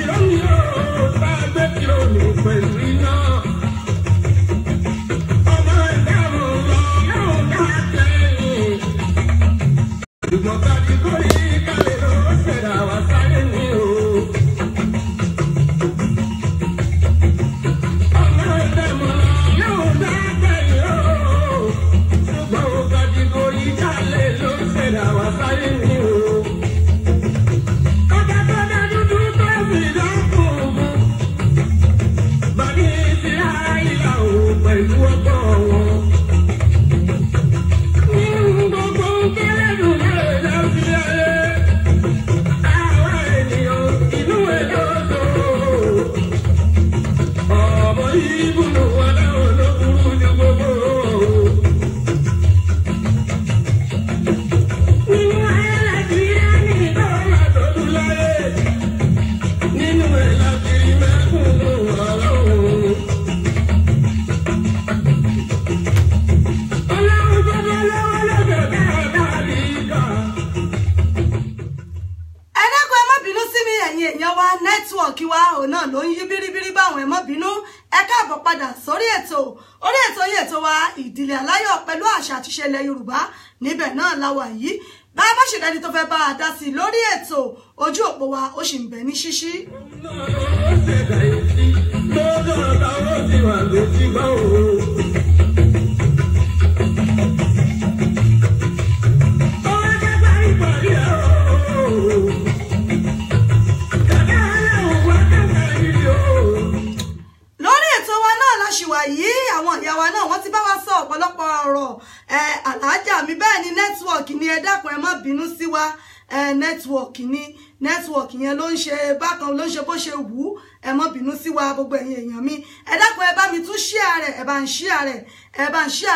Yo, yo, yo, yo, yo, yo, yo, yo,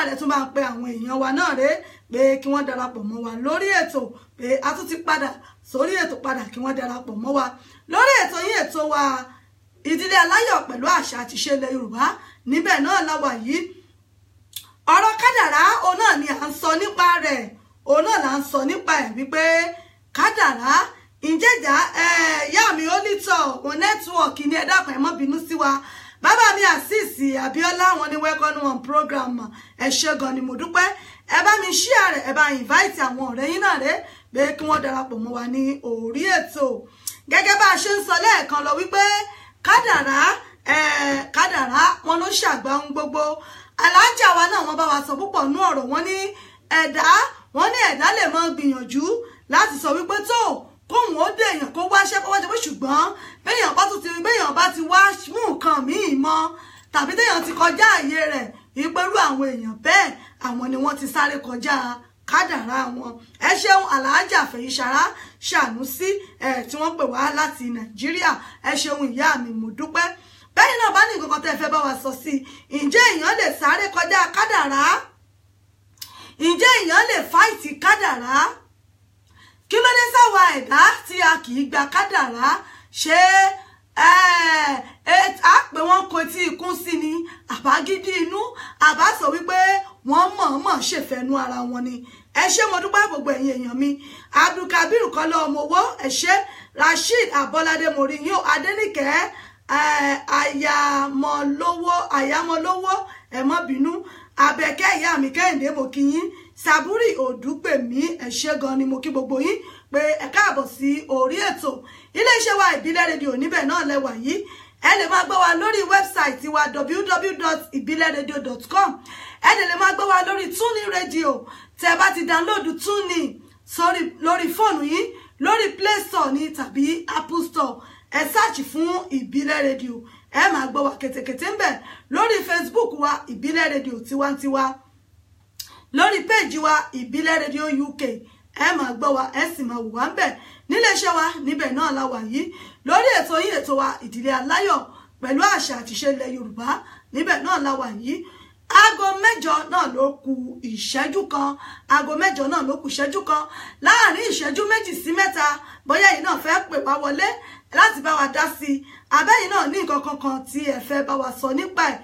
rẹ̀ tún bá ń pe àwọn èèyàn wa náà rèé pé kí wọ́n darapọ̀ mọ́ wa lórí ètò pé a tún ti padà sórí ètò padà kí wọ́n darapọ̀ mọ́ wa lórí ètò yín ètò wa ìdílé aláyọ̀ pẹ̀lú àṣà àti ìṣe ilẹ̀ Yorùbá níbẹ̀ náà la wà yìí ọ̀rọ̀ kádàrá òun náà ni à ń sọ nípa rẹ̀ òun náà là ń sọ nípa ẹ̀ wípé kádàrá ìjẹ́jà ẹ̀ẹ́yà mi ó nítọ̀ òun nẹ́tíwọ̀kì ni ẹ dákun ẹ má bínú sí wa bàbá mi àṣìṣì abiola wọn ní welcome program ẹ ṣé gan ni mo dúpẹ́ ẹ bá mi share rẹ̀ ẹ bá invite àwọn ọ̀rẹ́ yín náà rẹ̀ pé kí wọ́n darapọ̀ mọ́ wa ní orí ètò gẹ́gẹ́ bá a ṣe ń sọ lẹ́ẹ̀kan lọ wípé kádàrá kádàrá wọn ló ṣàgbà ohun gbogbo alájà wa náà wọ́n bá wa sọ púpọ̀ nú ọ̀rọ̀ wọn ní ẹ̀dá wọn ní ẹ̀dá lè máa gbìyànjú láti sọ wípé tó kóhùn ó dèèyàn kó wáṣẹ́ kó wáṣẹ́ pé ṣùgbọ́n béèyàn bá tún ti béèyàn bá ti wá mú nǹkan míì mọ́ tàbí téèyàn ti kọjá àyè rẹ̀ ìpẹ́rú àwọn èèyàn bẹ́ẹ̀ àwọn ni wọ́n ti sáré kọjá kádàrá wọn ẹ ṣeun aláàjà fẹ̀yìṣàrá ṣànúsí ẹ tí wọ́n pè wá láti nàìjíríà ẹ ṣeun ìyá mi mo dúpẹ́ bẹ́ẹ̀ náà bá ní nǹkan kan tẹ́ fẹ́ bá wa sọ sí i ǹjẹ́ èèyàn lè sáré kọjá kádàrá ǹjẹ́ èèyàn lè fáìtì kádàrá kí ló dé sáwa ẹ̀dá tí a kì í gba kádàrá ṣé a pè wọ́n kò tí ikún sí ni àbágídí inú àbá sọ wípé wọ́n mọ̀ọ́mọ̀ ṣèfẹ́nu ara wọn ni ẹ ṣé mo dúpẹ́ gbogbo ẹ̀yin èèyàn mi abdulkabir kọ́lá ọmọ owó ẹ ṣé rasheed abọ́ládé mori yín adẹ́nìkẹ́ àyàmọ́lówó àyàmọ́lówó bínú abẹ́kẹ́ ìyá mi kẹ́hìndé mo Saburi odupe mi, ṣé gan ni mo kí gbogbo yín pé ẹ káàbọ̀ sí orí ètò iléeṣẹ́ wa ìbílẹ̀ rédíò níbẹ̀ náà lẹ́wà yìí ẹ lè máa gbọ́ wa lórí wẹ́bsáìtì wa www.ibileradio.com ẹ dẹ̀ lè máa gbọ́ wa lórí tuning radio tẹ́ bá ti download tuning sórí lórí fóònù yín lórí play store ni tàbí apple store ẹ search fún ìbílẹ̀ radio ẹ máa gbọ́ wa kètèkètè ń bẹ̀ lórí facebook wa ìbílẹ̀ radio tiwantiwa lórí péjì wa ìbílẹ̀ rédíò uk ẹ máa gbọ́ wa ẹ sì máa wò wá ń bẹ̀ níléeṣẹ́ wa níbẹ̀ náà la wà yìí lórí ètò yín ètò wa ìdílé aláyọ̀ pẹ̀lú àṣà àtìṣe ilẹ̀ yorùbá níbẹ̀ náà la wà yìí aago mẹ́jọ náà ló kù ìṣẹ́jú kan aago mẹ́jọ náà ló kù ìṣẹ́jú kan láàrin ìṣẹ́jú méjì sí mẹ́ta bóyá yìí náà fẹ́ pè wá wọlé láti bá wa dá sí i abẹ́yìn náà ní nǹkan kankan tí ẹ fẹ́ bá wa sọ nípa ẹ̀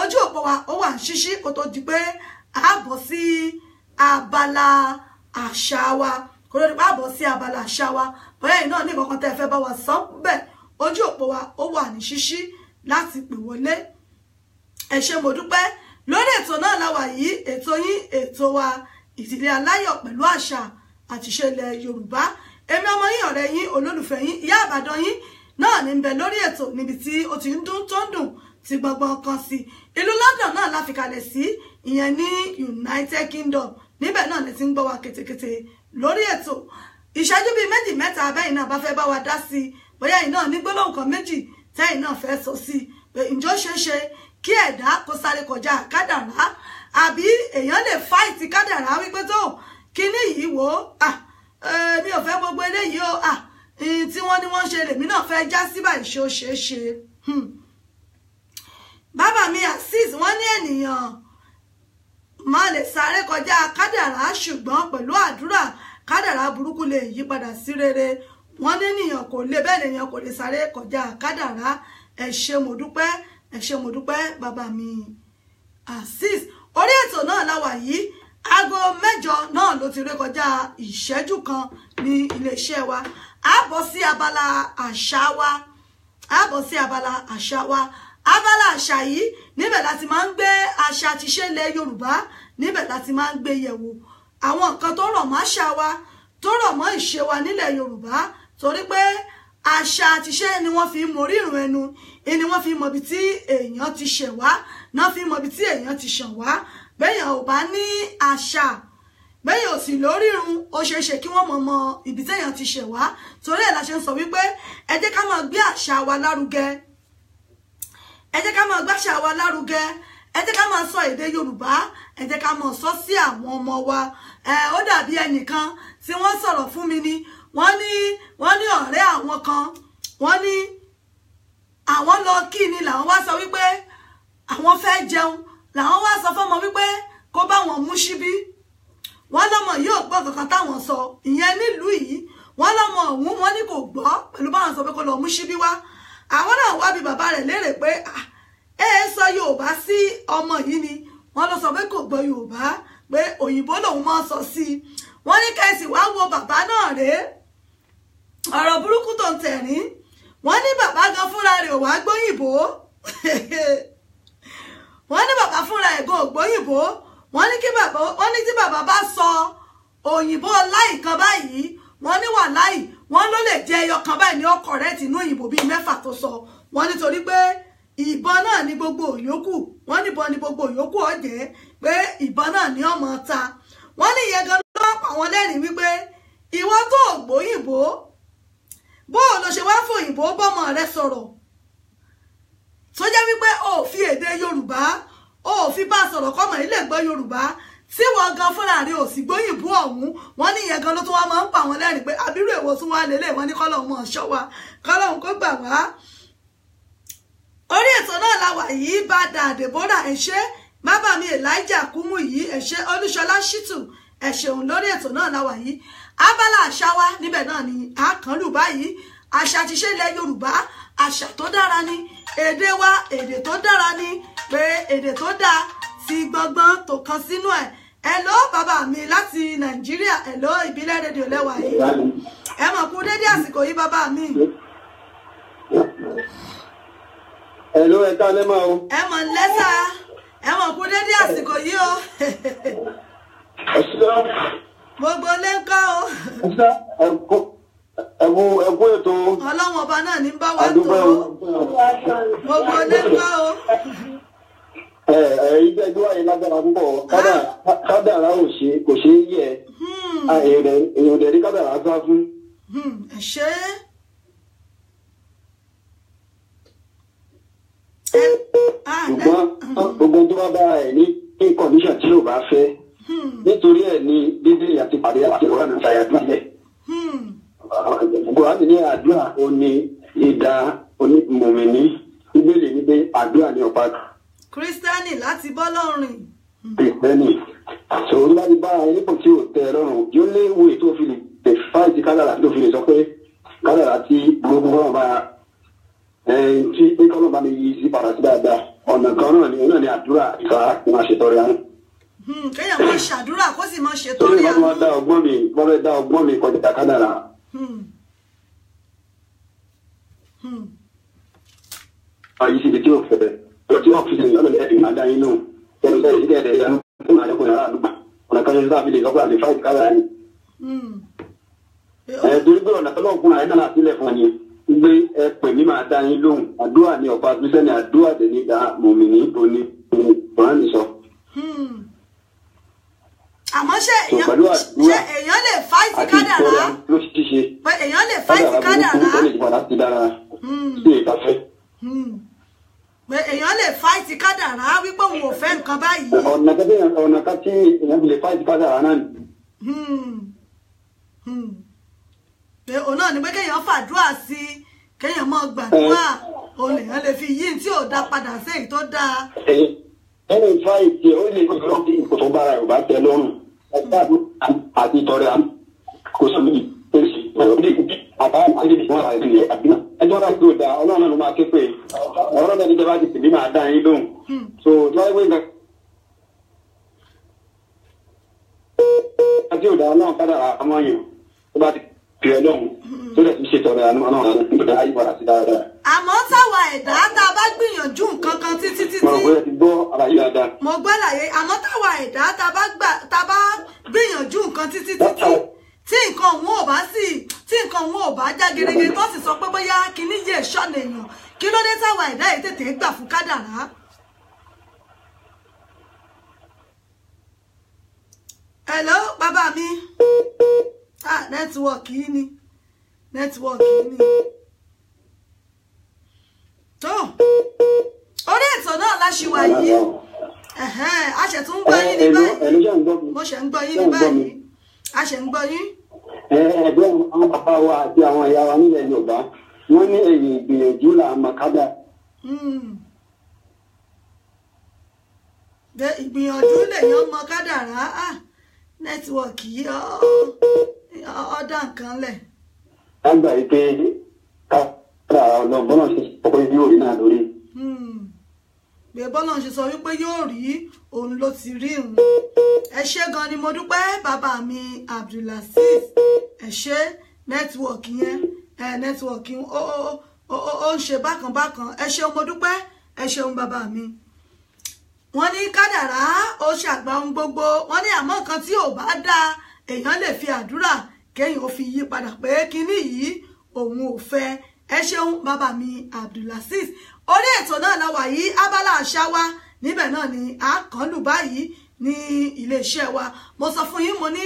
ojú òpó wa ó wà ń ṣíṣí kó tó di pé àbọ̀ sí abala àṣà wa kò lórí àbọ̀ sí abala àṣà wa bóyá iná ní kankan tẹ́ fẹ́ bá wa sọ bẹ́ẹ̀ ojú òpó wa ó wà ní ṣíṣí láti pè wọlé ẹ ṣé mo dúpẹ́ lórí ètò náà la wà yìí ètò yín ètò wa ìdílé aláyọ̀ pẹ̀lú àṣà àtìṣe ilẹ̀ Yorùbá èmi ọmọ yín ọ̀rẹ́ yín olólùfẹ́ yín ìyá àbàdàn yín náà ní bẹ lórí ètò níbi tí ó ti ń dún tó ń dùn tí gbogbo ọkàn sí ìlú London náà la fi kalẹ̀ sí ìyẹn ní United Kingdom níbẹ̀ náà lè ti ń gbọ́ wa ketekete lórí ètò ìṣẹ́jú bíi méjì mẹ́ta abẹ́yìn náà bá fẹ́ bá wa dá sí i bóyá ìná ní gbólóhùn kan méjì tẹ́yìn náà fẹ́ sọ sí i pé ǹjọ́ ṣeéṣe kí ẹ̀dá kó sáré kọjá kádàrá àbí èèyàn lè fáìtì kádàrá wípé tó kíní yìí wò ó mi ò fẹ́ gbogbo eléyìí o tí wọ́n ní wọ́n ṣe lèmi náà fẹ́ já sí báyìí ṣe ó ṣeéṣe. Hmm bàbá mi azeez wọ́n ní ènìyàn máa lè sáré kọjá kádàrá ṣùgbọ́n pẹ̀lú àdúrà kádàrá burúkú lè yí padà sí rere wọ́n ní nìyàn kò lè bẹ́ẹ̀ lèyàn kò lè sáré kọjá kádàrá ẹ ṣé mo dúpẹ́ bàbá mi azeez orí ètò náà la wà yìí aago mẹ́jọ náà ló ti rékọjá ìṣẹ́jú kan ní iléeṣẹ́ wa a sí abala àṣà wa a sí abala àṣà wa abala àṣà yìí níbẹ̀ láti máa ń gbé àṣà àti ìṣe ilẹ̀ yorùbá níbẹ̀ láti máa ń gbé yẹ̀wò àwọn nǹkan tó rọ̀ mọ́ àṣà wa tó rọ̀ mọ́ ìṣe wa nílẹ̀ yorùbá torí pé àṣà àti ìṣe ni wọ́n fi mọ orírun ẹnu ni wọ́n fi mọ ibi tí èèyàn ti ṣẹ̀ wá náà fi mọ ibi tí èèyàn ti ṣàn wá bẹ́yàn ò bá ní àṣà bẹ́yàn ò sì lórírun ó ṣeé ṣe kí wọ́n mọ̀ mọ ibi téèyàn ti ṣẹ̀ wá torí ẹ̀ la ṣe ń sọ wípé ẹ jẹ́ ká máa gbé àṣà wa lárugẹ ẹ jẹ́ ká máa gbàṣà wa lárugẹ ẹ jẹ́ ká máa sọ èdè yorùbá ẹ jẹ́ ká máa sọ sí àwọn ọmọ wa ó dàbí ẹnìkan tí wọ́n sọ̀rọ̀ fún mi ni wọ́n ní wọ́n ní ọ̀rẹ́ àwọn kan wọ́n ní àwọn lọ kí ni làwọn wá sọ wípé àwọn fẹ́ jẹun làwọn wá sọ fọ́mọ wípé kó bá wọn mú síbí wọ́n lọ́mọ yìí ò gbọ́ kankan táwọn sọ ìyẹn nílùú yìí wọ́n lọ́mọ ọ̀hún wọ́n ní kò gbọ́ pẹ̀lú báwọn sọ pé kó lọ mú síbí wá àwọn náà wá bí bàbá rẹ̀ léèrè pé ẹ ẹ sọ yorùbá sí ọmọ yìí ni wọ́n lọ sọ pé kò gbọ́ yorùbá pé òyìnbó lòun máa sọ sí i wọ́n ní kẹ́sì wá wo bàbá náà rèé ọ̀rọ̀ burúkú tó ń tẹ̀rín wọ́n ní bàbá gan fúnra rẹ̀ ò wá gbóyìnbó wọ́n ní bàbá fúnra ẹ̀ gan ò gbóyìnbó wọ́n ní kí bàbá wọ́n ní tí bàbá bá sọ òyìnbó láì kan báyìí wọ́n ní wà láì wọ́n ló lè jẹ́ ẹyọ kan báyìí ní ọkọ̀ rẹ̀ tìǹú òyìnbó bíi mẹ́fà tó sọ wọ́n nítorí pé ìbọn náà ní gbogbo òyókù wọ́n níbọn ní gbogbo òyókù ọ̀jẹ́ pé ìbọn náà ní ọmọ ta wọ́n ní ìyẹn gan ló pa wọ́n lẹ́rìí wípé ìwọ tó gbóyìnbó bó o lọ ṣe wá fòyìnbó bọ́mọ rẹ sọ̀rọ̀ tó jẹ́ wípé o ò fi èdè Yorùbá o ò fi bá sọ̀rọ̀ kọ́mọ ilé gbọ́ Yorùbá tí wọn gan fúnra rẹ ò sì gbóyìnbó ọ̀hún wọn ní ìyẹn gan ló tún wá máa ń pa wọn lẹ́rìn pé abirú èwo tún wá lélẹ̀ wọn ní kọ́lọ́hún mọ̀ ṣọ́ wa kọ́lọ́hún kó gbà wá. orí ètò náà la wà yìí bá da àdèbóra ẹ ṣé bàbá mi Elijah Kúmú yìí ẹ ṣé Olúṣọlá Ṣítù ẹ ṣeun lórí ètò náà la wà yìí abala àṣà wa níbẹ̀ náà ni àkànlù báyìí àṣà ti ṣe ilẹ̀ Yorùbá àṣà tó dára ni èdè wa èdè tó dára ni pé èdè tó dáa fi gbọgbọ́n tó kan sínú ẹ̀ hello bàbá mi láti nàìjíríà hello ìbílẹ̀ rédíò lẹ́wà yìí ẹ mọ̀ kú dédé àsìkò yìí bàbá mi. hello ẹ ká lẹ́mọ̀ o. ẹ mọ̀ ń lẹ́sà ẹ mọ̀ kú dédé àsìkò yìí o. gbogbo lé ń kọ́ o. ẹ̀wù ẹ̀kú ètò. ọlọ́wọ̀n ọba náà ní bá wa tó o. gbogbo lé ń kọ́ o ẹ ẹ ilé ẹjọ́ wáyé lágbára púpọ̀ kádàrá ah. ò ṣe kò ṣe é yẹ hmm. èrò dẹ̀ ní kádàrá sá fún. Hmm, ṣé. Ah, ṣùgbọ́n hmm. ah, ogun tó bá bára ẹ̀ ní ní kọ̀díṣà tí yóò bá fẹ́ nítorí ẹ̀ ní bíbélì àti pàdé àti ọ̀rọ̀ àti àyàdúrà lẹ̀. Kùránì ní àdúrà ó ní ìdá onímọ̀mí ní bíbélì ní pé àdúrà ní ọ̀pá kan kírísítẹ́nì láti bọ́ lọ́rùn. kírísítẹ́nì àṣòro ńlá ni bára ẹni kò tí ò tẹ ẹ lọ́rùn yóò lé ìwé tó fi lè tẹ fáìtì kádàrà tó fi lè sọ pé kádàrà tí gbogbo fọlọ́ bá ẹni tí pé kọ́lọ́ bá mi yí sí padà sí dáadáa ọ̀nà kan náà ni náà ni àdúrà ìfà máa ṣètọrẹ àánú. Hmm, kéèyàn máa ṣàdúrà kó sì máa ṣètọrẹ àánú. torí wọn dá ọgbọ́n mi wọn fẹ́ dá ọgbọ́n mi kọjá kádàrà. Hmm. Hmm. àyíṣe ibi tí ò fẹ́ bẹ́ẹ̀ o tí wọ́n fi ṣe lọ́dọ̀ lẹ́yìn máa dá yín lóhùn ẹnu bẹ́ẹ̀ sí kẹ́ẹ̀dẹ̀ ẹ̀yà fún àdékùn yàrá àdúgbò ọ̀nà kan ṣe sáfìlì lọ́gbà àti fáìlì kára yín. Hmm. ẹ torí pé ọ̀nà tọ́lọ́ fún àyín náà sílẹ̀ fún yín gbé ẹ pè mí máa dá yín lóhùn àdúrà ni ọ̀pá bísẹ́ni àdúrà dẹ̀ ní ìdá mòmìnì òní kùránì sọ. Hmm. àmọ́ ṣé èèyàn lè fáìtì kádàrá èèyàn lè fáìtì kádàrá pé èèyàn lè fáìtì kádàrá wípé òun ò fẹ́ nǹkan báyìí. ọ̀nà kan tí ọ̀nà kan tí èèyàn fi lè fáìtì kádàrá náà ni. Hmm. Hmm. pé òun náà ni pé kéèyàn fàdúrà sí i kéèyàn máa gbàdúrà eh. òun lèèyàn lè fi yí tí ò dá padà sẹ́yìn tó dáa. Eh. ẹni fáìtì ó lè lọ sí ipò tó bára yorùbá tẹ lọ́rùn àti tọrẹ àti kò sí ibi tó ṣe ìgbà lórí ìdí àtàwọn máa ń jẹ́ ìṣúná àti ilẹ̀ àdúrà ẹjọ́ bá tó da ọlọ́run náà ló máa ké pé ọ̀rọ̀ náà níjọba ti tìbí máa dá yín lóhùn so lọ́wọ́ nǹkan. àti òdà ọlọ́run padà àmọ́ yàn tó bá ti pè ọ́ lọ́hùn tó lè fi ṣètò ọ̀rẹ́ àná náà nígbà ayé padà sí dáadáa. àmọ́ táwa ẹ̀dá tá a bá gbìyànjú nǹkan kan títí títí. mo gbọ́ àlàyé dáadáa. mo gbọ́ àlàyé àmọ́ táwa ẹ̀dá tá a bá gbìyànjú nǹkan títí títí tí nǹkan òun ò bá sì nǹkan wọn ò bá já gerege tó sì sọ pé bóyá kinní yìí ṣọ́nà èèyàn kí ló dé táwa ẹ̀dá yìí tètè gbà fún kádàrá. hello bàbá mi ah nẹ́tíwọ́ọ̀kì yìí ni nẹ́tíwọ́ọ̀kì yìí ni tó orí ètò náà láṣìwà yìí a ṣẹ̀ tún ń gbọ́ yín ní báyìí mo ṣẹ̀ ń gbọ́ yín ní báyìí a ṣẹ̀ ń gbọ́ yín ẹgbẹ́ àwọn bàbá wa àti àwọn ìyá wa nílẹ̀ Yorùbá wọ́n ní èyí ìgbìyànjú là màkádà. Hmm. ìgbìyànjú lèèyàn mọ kádàrá ah, nẹ́tíwọ̀kì ọ̀dà nǹkan lẹ̀. lágbàá yìí pé ká kádàrá ọlọ́gbọ́n náà ṣe ọkọ̀ ìdí òrí náà lórí pé bọ́lá ń ṣe sọ wípé yóò rí òun ló ti rí òun ẹ ṣé gan ni mo dúpẹ́ bàbá mi Abdulaziz ẹ ṣé nẹ́tíwọ̀kì yẹn ẹ nẹ́tíwọ̀kì ó ń ṣe bákan bákan ẹ ṣeun mo dúpẹ́ ẹ ṣeun bàbá mi wọ́n ní kádàrá ó ṣàgbà ohun gbogbo wọ́n ní àmọ́ nǹkan tí ò bá dáa èèyàn lè fi àdúrà kéèyàn ó fi yí padà pé kinní yìí òun ò fẹ́ ẹ ṣeun bàbá mi Abdulaziz orí ètò náà la wà yìí abala àṣà wa níbẹ̀ náà ni a kàn lù báyìí ní iléeṣẹ́ wa mo sọ fún yín mo ní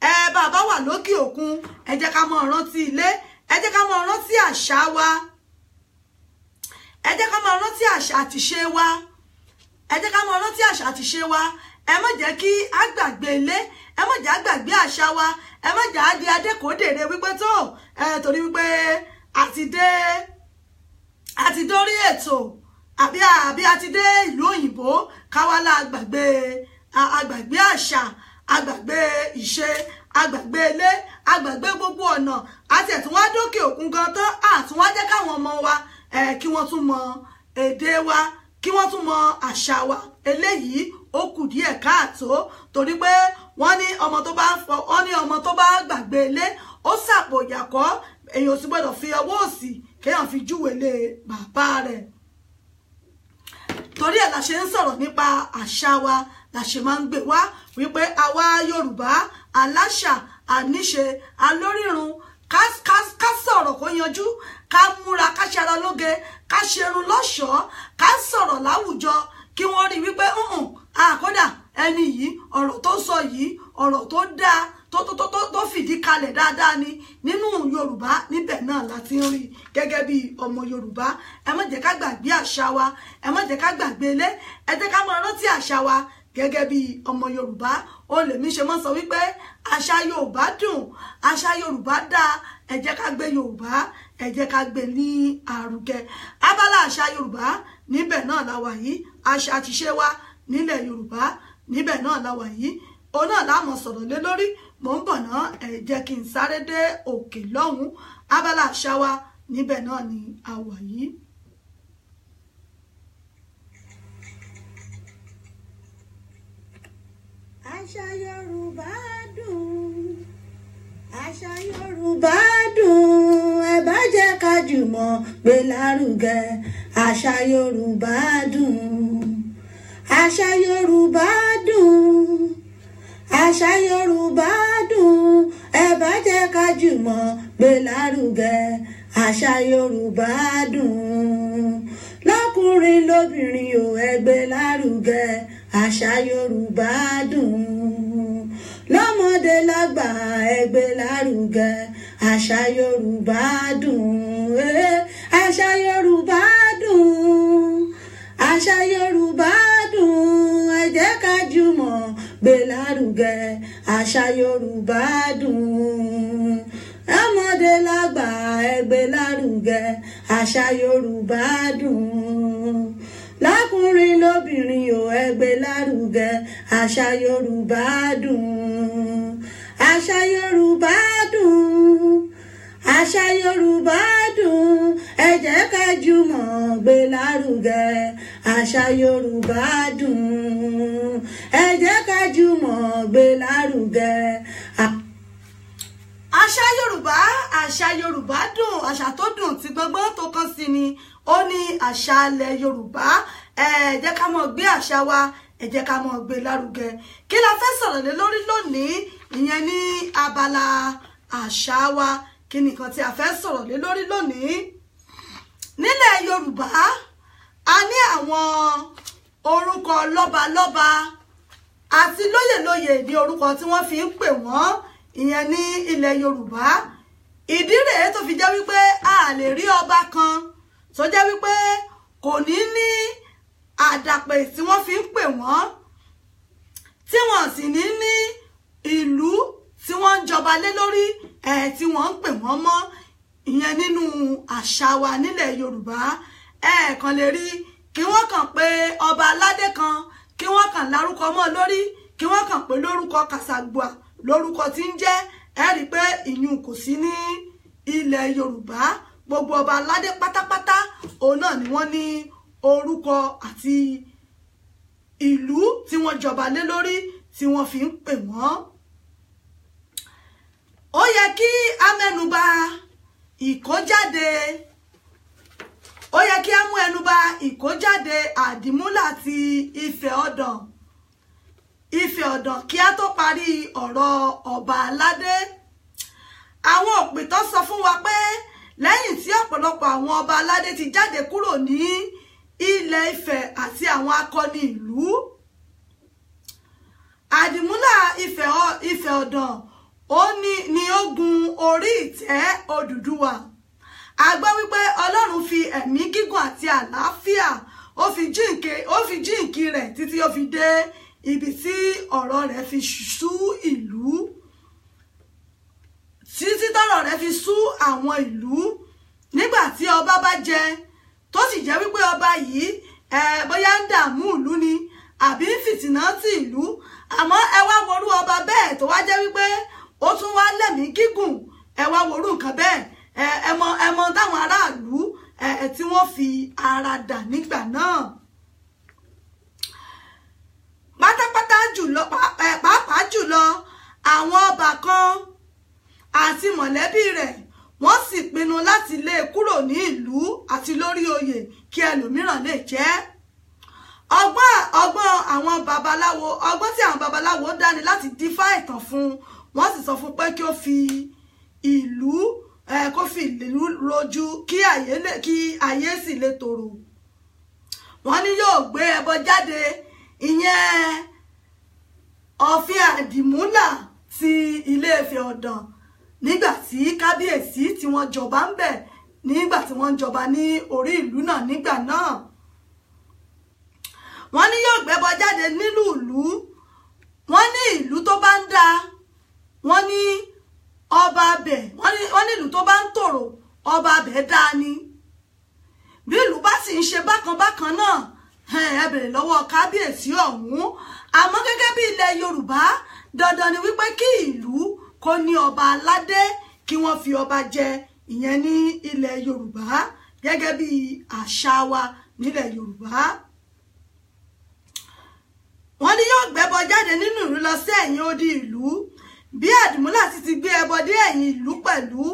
ẹ bàbá wà lókè òkun ẹ jẹ́ ká mọ rántí ilé ẹ jẹ́ ká mọ rántí àṣà wa ẹ jẹ́ ká mọ rántí àṣà àtìṣe wa ẹ jẹ́ ká mọ rántí àṣà àtìṣe wa ẹ má jẹ́ kí a gbàgbé ilé ẹ má jẹ́ a gbàgbé àṣà wa ẹ má jẹ́ a di adékòódèrè wípé tó ẹ torí wípé àti dé àti dórí ètò àbí àbí àti dé ìlú òyìnbó káwálá àgbàgbé àgbàgbé àṣà àgbàgbé ìṣe àgbàgbé ilé àgbàgbé gbogbo ọ̀nà àti ẹ̀tún wá dókè òkun gan tán àtún wá jẹ́ káwọn ọmọ wa kí wọ́n tún mọ èdè wa kí wọ́n tún mọ àṣà wa eléyìí ó kù díẹ̀ káàtó torí pé wọ́n ní ọmọ tó bá fọ wọ́n ní ọmọ tó bá gbàgbé ilé ó sàpò ìyàkọ́ èèyàn ò sì gbọ́dọ̀ fi ọwọ́ òsì kéèyàn fi júwèlé bàbá rẹ̀ torí ẹ̀ la ṣe ń sọ̀rọ̀ nípa àṣà wa la ṣe máa ń gbé wá wípé àwa Yorùbá aláṣà àníṣe alórírun ká sọ̀rọ̀ kó yanjú ká múra ká ṣara lóge ká ṣerun lọ́ṣọ̀ọ́ ká sọ̀rọ̀ láwùjọ kí wọ́n rí wípé àkódà ẹni yìí ọ̀rọ̀ tó sọ yìí ọ̀rọ̀ tó dáa tó tó tó tó fìdí kalẹ̀ dáadáa ni nínú yorùbá níbẹ̀ náà la ti ń rí gẹ́gẹ́ bí ọmọ yorùbá ẹ má jẹ́ ká gbàgbé àṣà wa ẹ má jẹ́ ká gbàgbé ilé ẹ jẹ́ ká máa rántí àṣà wa gẹ́gẹ́ bí ọmọ yorùbá ó lèmi ṣe mọ́ sọ wípé àṣà yorùbá dùn àṣà yorùbá dáa ẹ jẹ́ ká gbé yorùbá ẹ jẹ́ ká gbé ní àrùkẹ abala àṣà yorùbá níbẹ̀ náà la wà yìí àṣà àtiṣe wa nílẹ̀ yorùbá níbẹ̀ náà la wà yìí òun náà la sọ̀rọ̀ lé lórí mò ń bọ̀ ná ẹ jẹ́ kí n sáré dé òkè lọ́hùn abala àṣà níbẹ̀ náà ni a wà yìí. àṣà yorùbá dùn àṣà yorùbá dùn ẹ bá jẹ́ ká jùmọ̀ gbé lárugẹ àṣà yorùbá dùn àṣà yorùbá dùn àṣà yorùbá dùn ẹ bá jẹ́ ká jùmọ̀ gbé lárugẹ àṣà yorùbá dùn lọ́kùnrin lóbìnrin ò ẹ gbé lárugẹ àṣà yorùbá dùn lọ́mọdé lágbà ẹ gbé lárugẹ àṣà yorùbá dùn eh, àṣà yorùbá dùn àṣà yorùbá dùn ẹ jẹ́ ká jùmọ̀ gbé lárugẹ àṣà yorùbá dùn ọmọdé lágbà ẹ gbé lárugẹ àṣà yorùbá dùn lákùnrin lóbìnrin ò ẹ gbé lárugẹ àṣà yorùbá dùn àṣà yorùbá dùn àṣà yorùbá dùn ẹ jẹ́ ká jùmọ̀ gbé lárugẹ àṣà yorùbá dùn ẹ jẹ́ ká jùmọ̀ gbé lárugẹ. àṣà yorùbá àṣà yorùbá dùn àṣà tó dùn tí gbọgbọ́n tó kàn sí ni ó ní àṣà ilẹ̀ yorùbá ẹ jẹ́ ká mọ̀ gbé àṣà wa ẹ ká mọ̀ gbé lárugẹ kí la fẹ́ sọ̀rọ̀ lé lórí lónìí ìyẹn ní abala àṣà wa kí ni nǹkan tí a fẹ́ sọ̀rọ̀ lé lórí lónìí nílẹ̀ yorùbá a ní àwọn orúkọ lọ́balọ́ba àti lóyèlóyè ní orúkọ tí wọ́n fi ń pè wọ́n ìyẹn ní ilẹ̀ yorùbá ìdí rèé tó fi jẹ́ wípé a lè rí ọba kan tó jẹ́ wípé kò ní ní àdàpè tí wọ́n fi ń pè wọ́n tí wọ́n sì ní ní ìlú tí wọ́n ń jọba lé lórí ẹ̀ tí wọ́n ń pè wọ́n mọ́ ìyẹn nínú àṣà wa nílẹ̀ Yorùbá ẹ̀ kàn lè rí kí wọ́n kàn pé ọba aládé kan kí wọ́n kàn lárúkọ mọ́ lórí kí wọ́n kàn pé lórúkọ kàṣàgbà lórúkọ tí ń jẹ́ ẹ rí pé ìyún kò sí ní ilẹ̀ Yorùbá gbogbo ọba aládé pátápátá òun náà ni wọ́n ní orúkọ àti ìlú tí wọ́n jọba lé lórí tí wọ́n fi ń pè wọ́n ó yẹ kí a mẹ́nuba ìkójáde ó yẹ kí a mú ẹnuba ìkójáde àdìmúlà ti ife Ọ̀dàn ife Ọ̀dàn kí a tó parí ọ̀rọ̀ ọba aládé àwọn òpìtàn sọ fún wa pé lẹ́yìn tí ọ̀pọ̀lọpọ̀ àwọn ọba aládé ti jáde kúrò ní ilẹ̀ Ifẹ̀ àti àwọn akọni ìlú àdìmúlà Ifẹ̀ Ọ̀dàn ó ní ni ogun gun orí ìtẹ́ Odùduwà a gbọ́ wípé Ọlọ́run fi ẹ̀mí gígùn àti àlàáfíà ó fi jíǹkì ó fi jíǹkì rẹ̀ títí ó fi dé ibi tí ọ̀rọ̀ rẹ̀ fi sú ìlú títí tọ́rọ̀ rẹ̀ fi sú àwọn ìlú nígbà tí ọba bá jẹ tó sì jẹ́ wípé ọba yìí ẹ̀ bóyá ń dààmú ìlú ni àbí ń fìtìnà ti ìlú àmọ́ ẹ wá worú ọba bẹ́ẹ̀ tó wá jẹ́ wípé ó tún wá lẹ́mìí gígùn ẹ wá worú nǹkan bẹ́ẹ̀ ẹmọ ẹmọ táwọn aráàlú tí wọ́n fi ara dà nígbà náà pátápátá jùlọ pàápàá jùlọ àwọn ọbàkan àti mọ̀lẹ́bí rẹ̀ wọ́n sì pinnu láti lé e kúrò ní ìlú àti lórí oyè kí ẹlòmíràn lè jẹ́ ọgbọ́n ọgbọ́n àwọn babaláwo ọgbọ́n tí àwọn babaláwo dání láti dífá ìtàn fún un wọ́n sì sọ fún pé kí ó fi ìlú kó fi ìlú rojú kí ayé sì lè tòrò wọ́n ní yóò gbé ẹbọ jáde ìyẹn ọ̀fin àdìmúlà ti Ilé-Ifẹ̀ ọ̀dàn nígbà tí kábíyèsí tí wọ́n jọba ń bẹ̀ nígbà tí wọ́n ń jọba ní orí ìlú náà nígbà náà wọ́n ní yóò gbẹ́bọ jáde nílùú ìlú wọ́n ní ìlú tó bá ń dáa wọ́n ní ọba abẹ wọ́n ní ìlú tó bá ń tòrò ọba abẹ dáa ni bí ìlú bá sì ń ṣe bákan bákan náà ẹ bèrè lọ́wọ́ kábíyèsí ọ̀hún àmọ́ gẹ́gẹ́ bí ilẹ̀ yorùbá dandan ni wípé kí ìlú kó ní ọba aládé kí wọ́n fi ọba jẹ ìyẹn ní ilẹ̀ yorùbá gẹ́gẹ́ bí àṣà wa nílẹ̀ yorùbá wọ́n ní yóò gbẹ́bọ jáde nínú ìlú lọ sí ẹ̀yìn odi ìlú bí àdìmúlà sì ti gbé ẹbọ dé ẹ̀yìn ìlú pẹ̀lú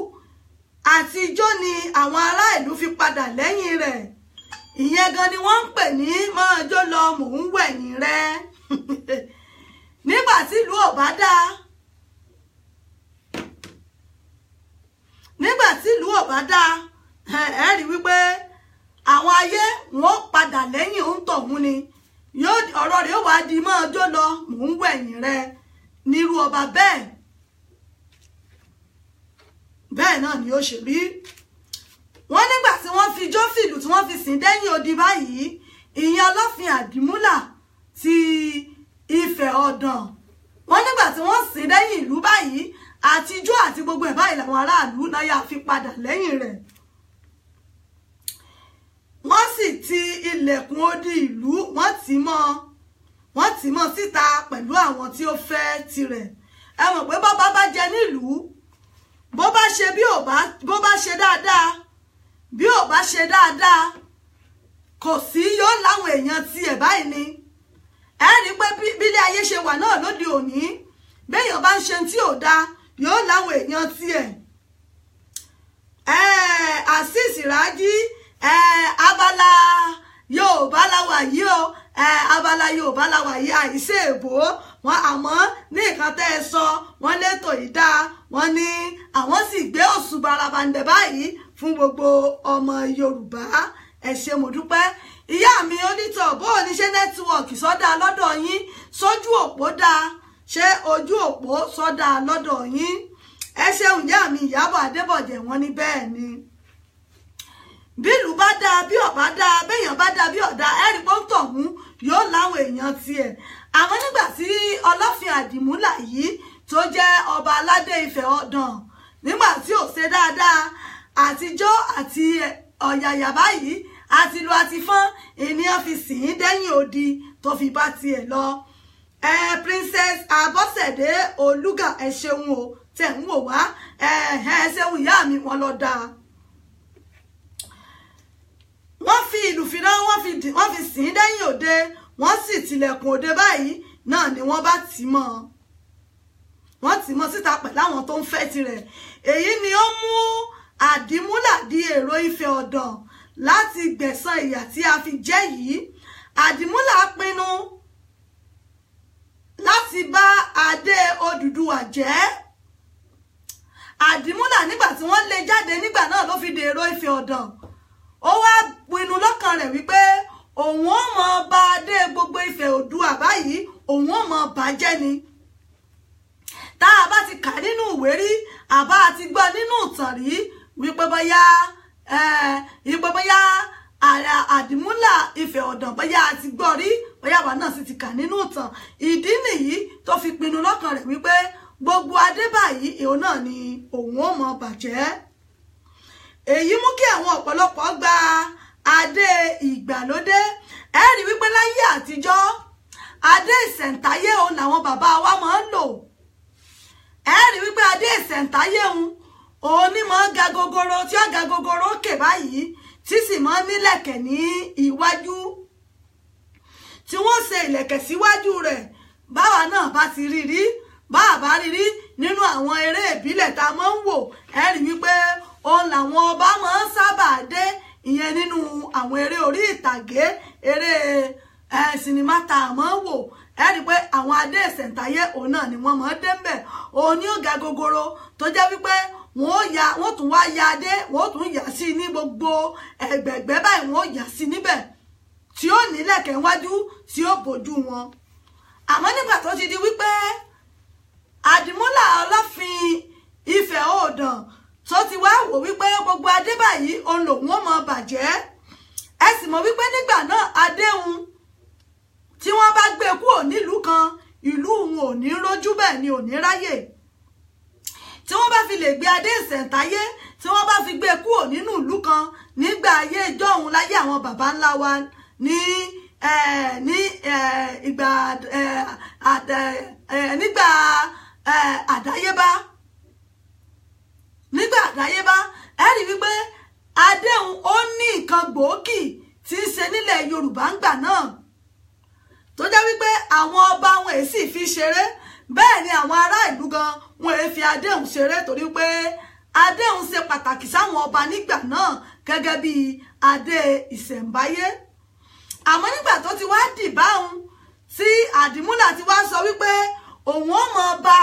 àti ijó ni àwọn ará ìlú fi padà lẹ́yìn rẹ̀ ìyẹn gan ni wọ́n ń pè ní máa jó lọ mò ń wẹ̀yìn rẹ̀ nígbà tí ìlú ò bá dáa nígbà tí ìlú ò bá dáa ẹ rí wípé àwọn ayé wọn padà lẹ́yìn òǹtọ̀hún ni ọ̀rọ̀ rẹ̀ wá di máa jó lọ mò ń wẹ̀yìn rẹ̀ nírú ọba bẹ́ẹ̀ bẹ́ẹ̀ náà ni ó ṣe rí wọ́n nígbà tí wọ́n fi jófìlù tí wọ́n fi sìn dẹ́yìn odi báyìí ìyẹn ọlọ́fin àdìmúlà ti Ifẹ̀ Ọ̀dàn wọ́n nígbà tí wọ́n sìn dẹ́yìn ìlú báyìí àtijọ́ àti gbogbo ẹ̀ báyìí làwọn aráàlú náà yà fi padà lẹ́yìn rẹ̀ wọ́n sì ti ilẹ̀kùn odi ìlú wọ́n tì mọ́ ọ wọ́n ti mọ́ síta pẹ̀lú àwọn tí ó fẹ́ tirẹ̀ ẹ mọ̀ pé bọ́ba bá jẹ nílùú bó bá ṣe bí ò bá ṣe dáadáa bí ò bá ṣe dáadáa kò sí yóò láwọn èèyàn tiẹ̀ báyìí ni ẹ rí pé bílé ayé ṣe wà náà lóde òní béèyàn bá ń ṣe tí ò dáa yóò láwọn èèyàn tiẹ̀ ẹ àṣìṣì rájí ẹ abala yorùbá láwà yìí o abala yorùbá láwà yìí àìsí èbó wọn àmọ́ ní nǹkan tẹ́ ẹ sọ wọn létò yìí dáa wọn ní àwọn sì gbé òṣùbà rabandẹ báyìí fún gbogbo ọmọ yorùbá ẹ ṣé mo dúpẹ́ ìyá mi onítọ̀ bó o ní ṣe nẹ́tíwọ̀kì sọ́dà lọ́dọ̀ yín sójú òpó dáa ṣé ojú òpó sọ́dà lọ́dọ̀ yín ẹ ṣeun ìyá mi ìyábọ̀ adébọ̀jẹ̀ wọn ní bẹ́ẹ̀ ni bílù bá dáa bí ọ̀bá dáa béèyàn bá dáa bí ọ̀dá ẹ̀rí pọ́ńtọ̀ ọ̀hún yóò láwọn èèyàn tiẹ̀ àmọ́ nígbà tí ọlọ́fin àdìmúlà yìí tó jẹ́ ọba aládé Ifẹ̀ ọ̀dàn nígbà tí ò ṣe dáadáa àtijọ́ àti ọ̀yàyà báyìí àti lu àti fọ́n ènìyàn fi sìn ín dẹ́yìn odi tó fi bá tiẹ̀ lọ ẹ Princess Abọ́sẹ̀dé Olúga ẹ ṣeun o tẹ̀ ń wò wá ẹ ẹ ṣeun ìyá mi wọn lọ dáa wọ́n fi ìlú fidán wọ́n fi sìn ín dẹ́yìn òde wọ́n sì tilẹ̀kùn òde báyìí náà ni wọ́n bá tì mọ́ ọ wọ́n tì mọ́ síta pẹ̀lú àwọn tó ń fẹ́ tirẹ̀ èyí ni ó mú àdìmúlà di èrò ìfẹ́ ọ̀dàn láti gbẹ̀san ìyà tí a fi jẹ́ yìí àdìmúlà pinnu láti bá adé Odùduwà jẹ́ àdìmúlà nígbà tí wọ́n lé jáde nígbà náà ló fi dèrò ìfẹ́ ọ̀dàn ó wá pinnu lọ́kàn rẹ̀ wípé òun ó mọ ba adé gbogbo Ifẹ̀ Oòduà báyìí òun ó mọ bàjẹ́ ni tá a bá ti kà nínú ìwé rí àbá ti gbọ́ nínú ìtàn rí wípé bóyá wípé bóyá àdìmúlà Ifẹ̀ ọ̀dàn bóyá a ti gbọ́ rí bóyá àwa náà sì ti kà nínú ìtàn ìdí nìyí tó fi pinnu lọ́kàn rẹ̀ wípé gbogbo adé báyìí èèyàn náà ni òun ó mọ bàjẹ́ èyí mú kí àwọn ọ̀pọ̀lọpọ̀ gba adé ìgbàlódé ẹ rí wípé láyé àtijọ́ adé ìsẹ̀ǹtáyé òun làwọn bàbá wa máa ń lò ẹ rí wípé adé ìsẹ̀ǹtáyé òun òun ni máa ń ga gogoro tí ó ga gogoro òkè báyìí tí sì máa ń nílẹ̀kẹ̀ ní iwájú tí wọ́n ṣe ìlẹ̀kẹ̀ síwájú rẹ̀ báwa náà bá ti rí rí báwa bá rí rí nínú àwọn eré ìbílẹ̀ tá a máa ń wò ẹ wípé òun làwọn ọba máa ń sábà dé ìyẹn nínú àwọn eré orí ìtàgé eré sinimá tá a máa ń wò ẹ rí i pé àwọn adé ìsẹ̀ǹtayé òun náà ni wọ́n máa ń dé ń bẹ̀ òun ni ó ga gogoro tó jẹ́ wípé wọ́n ya wọ́n tún wá ya adé wọ́n tún yà sí ní gbogbo ẹ̀gbẹ̀gbẹ́ báyìí wọ́n yà sí níbẹ̀ tí ó nílẹ̀kẹ̀ wájú tí ó bójú wọn àmọ́ nígbà tó ti di wípé àdìmúlà ọlọ́fin Ifẹ̀ Oòdàn tó ti wá wò wípé gbogbo adé báyìí òun lòun ó mọ bàjẹ́ ẹ sì mọ̀ wípé nígbà náà adéhun tí wọ́n bá gbé e kúrò nílùú kan ìlú òun ò ní rójú bẹ́ẹ̀ ni ò ní ráyè tí wọ́n bá fi lè gbé adé ìṣẹ̀ǹtáyé tí wọ́n bá fi gbé e kúrò nínú ìlú kan nígbà ayé ìjọ́hun láyé àwọn baba ńlá wa ní ní ìgbà nígbà àdáyébá nígbà àdáyébá ẹ rí wípé adéhùn ó ní nǹkan gbòógì tí ń ṣe nílẹ̀ yorùbá ńgbà náà tó jẹ́ wípé àwọn ọba wọn èyí sì fi ṣeré bẹ́ẹ̀ ni àwọn ará ìlú gan wọn èyí fi adéhùn ṣeré torí pé adéhùn ṣe pàtàkì sáwọn ọba nígbà náà gẹ́gẹ́ bí adé ìṣẹ̀ǹbáyé àmọ́ nígbà tó ti wá dìbáhùn tí àdìmúlà ti wá sọ wípé òun ó mọ ba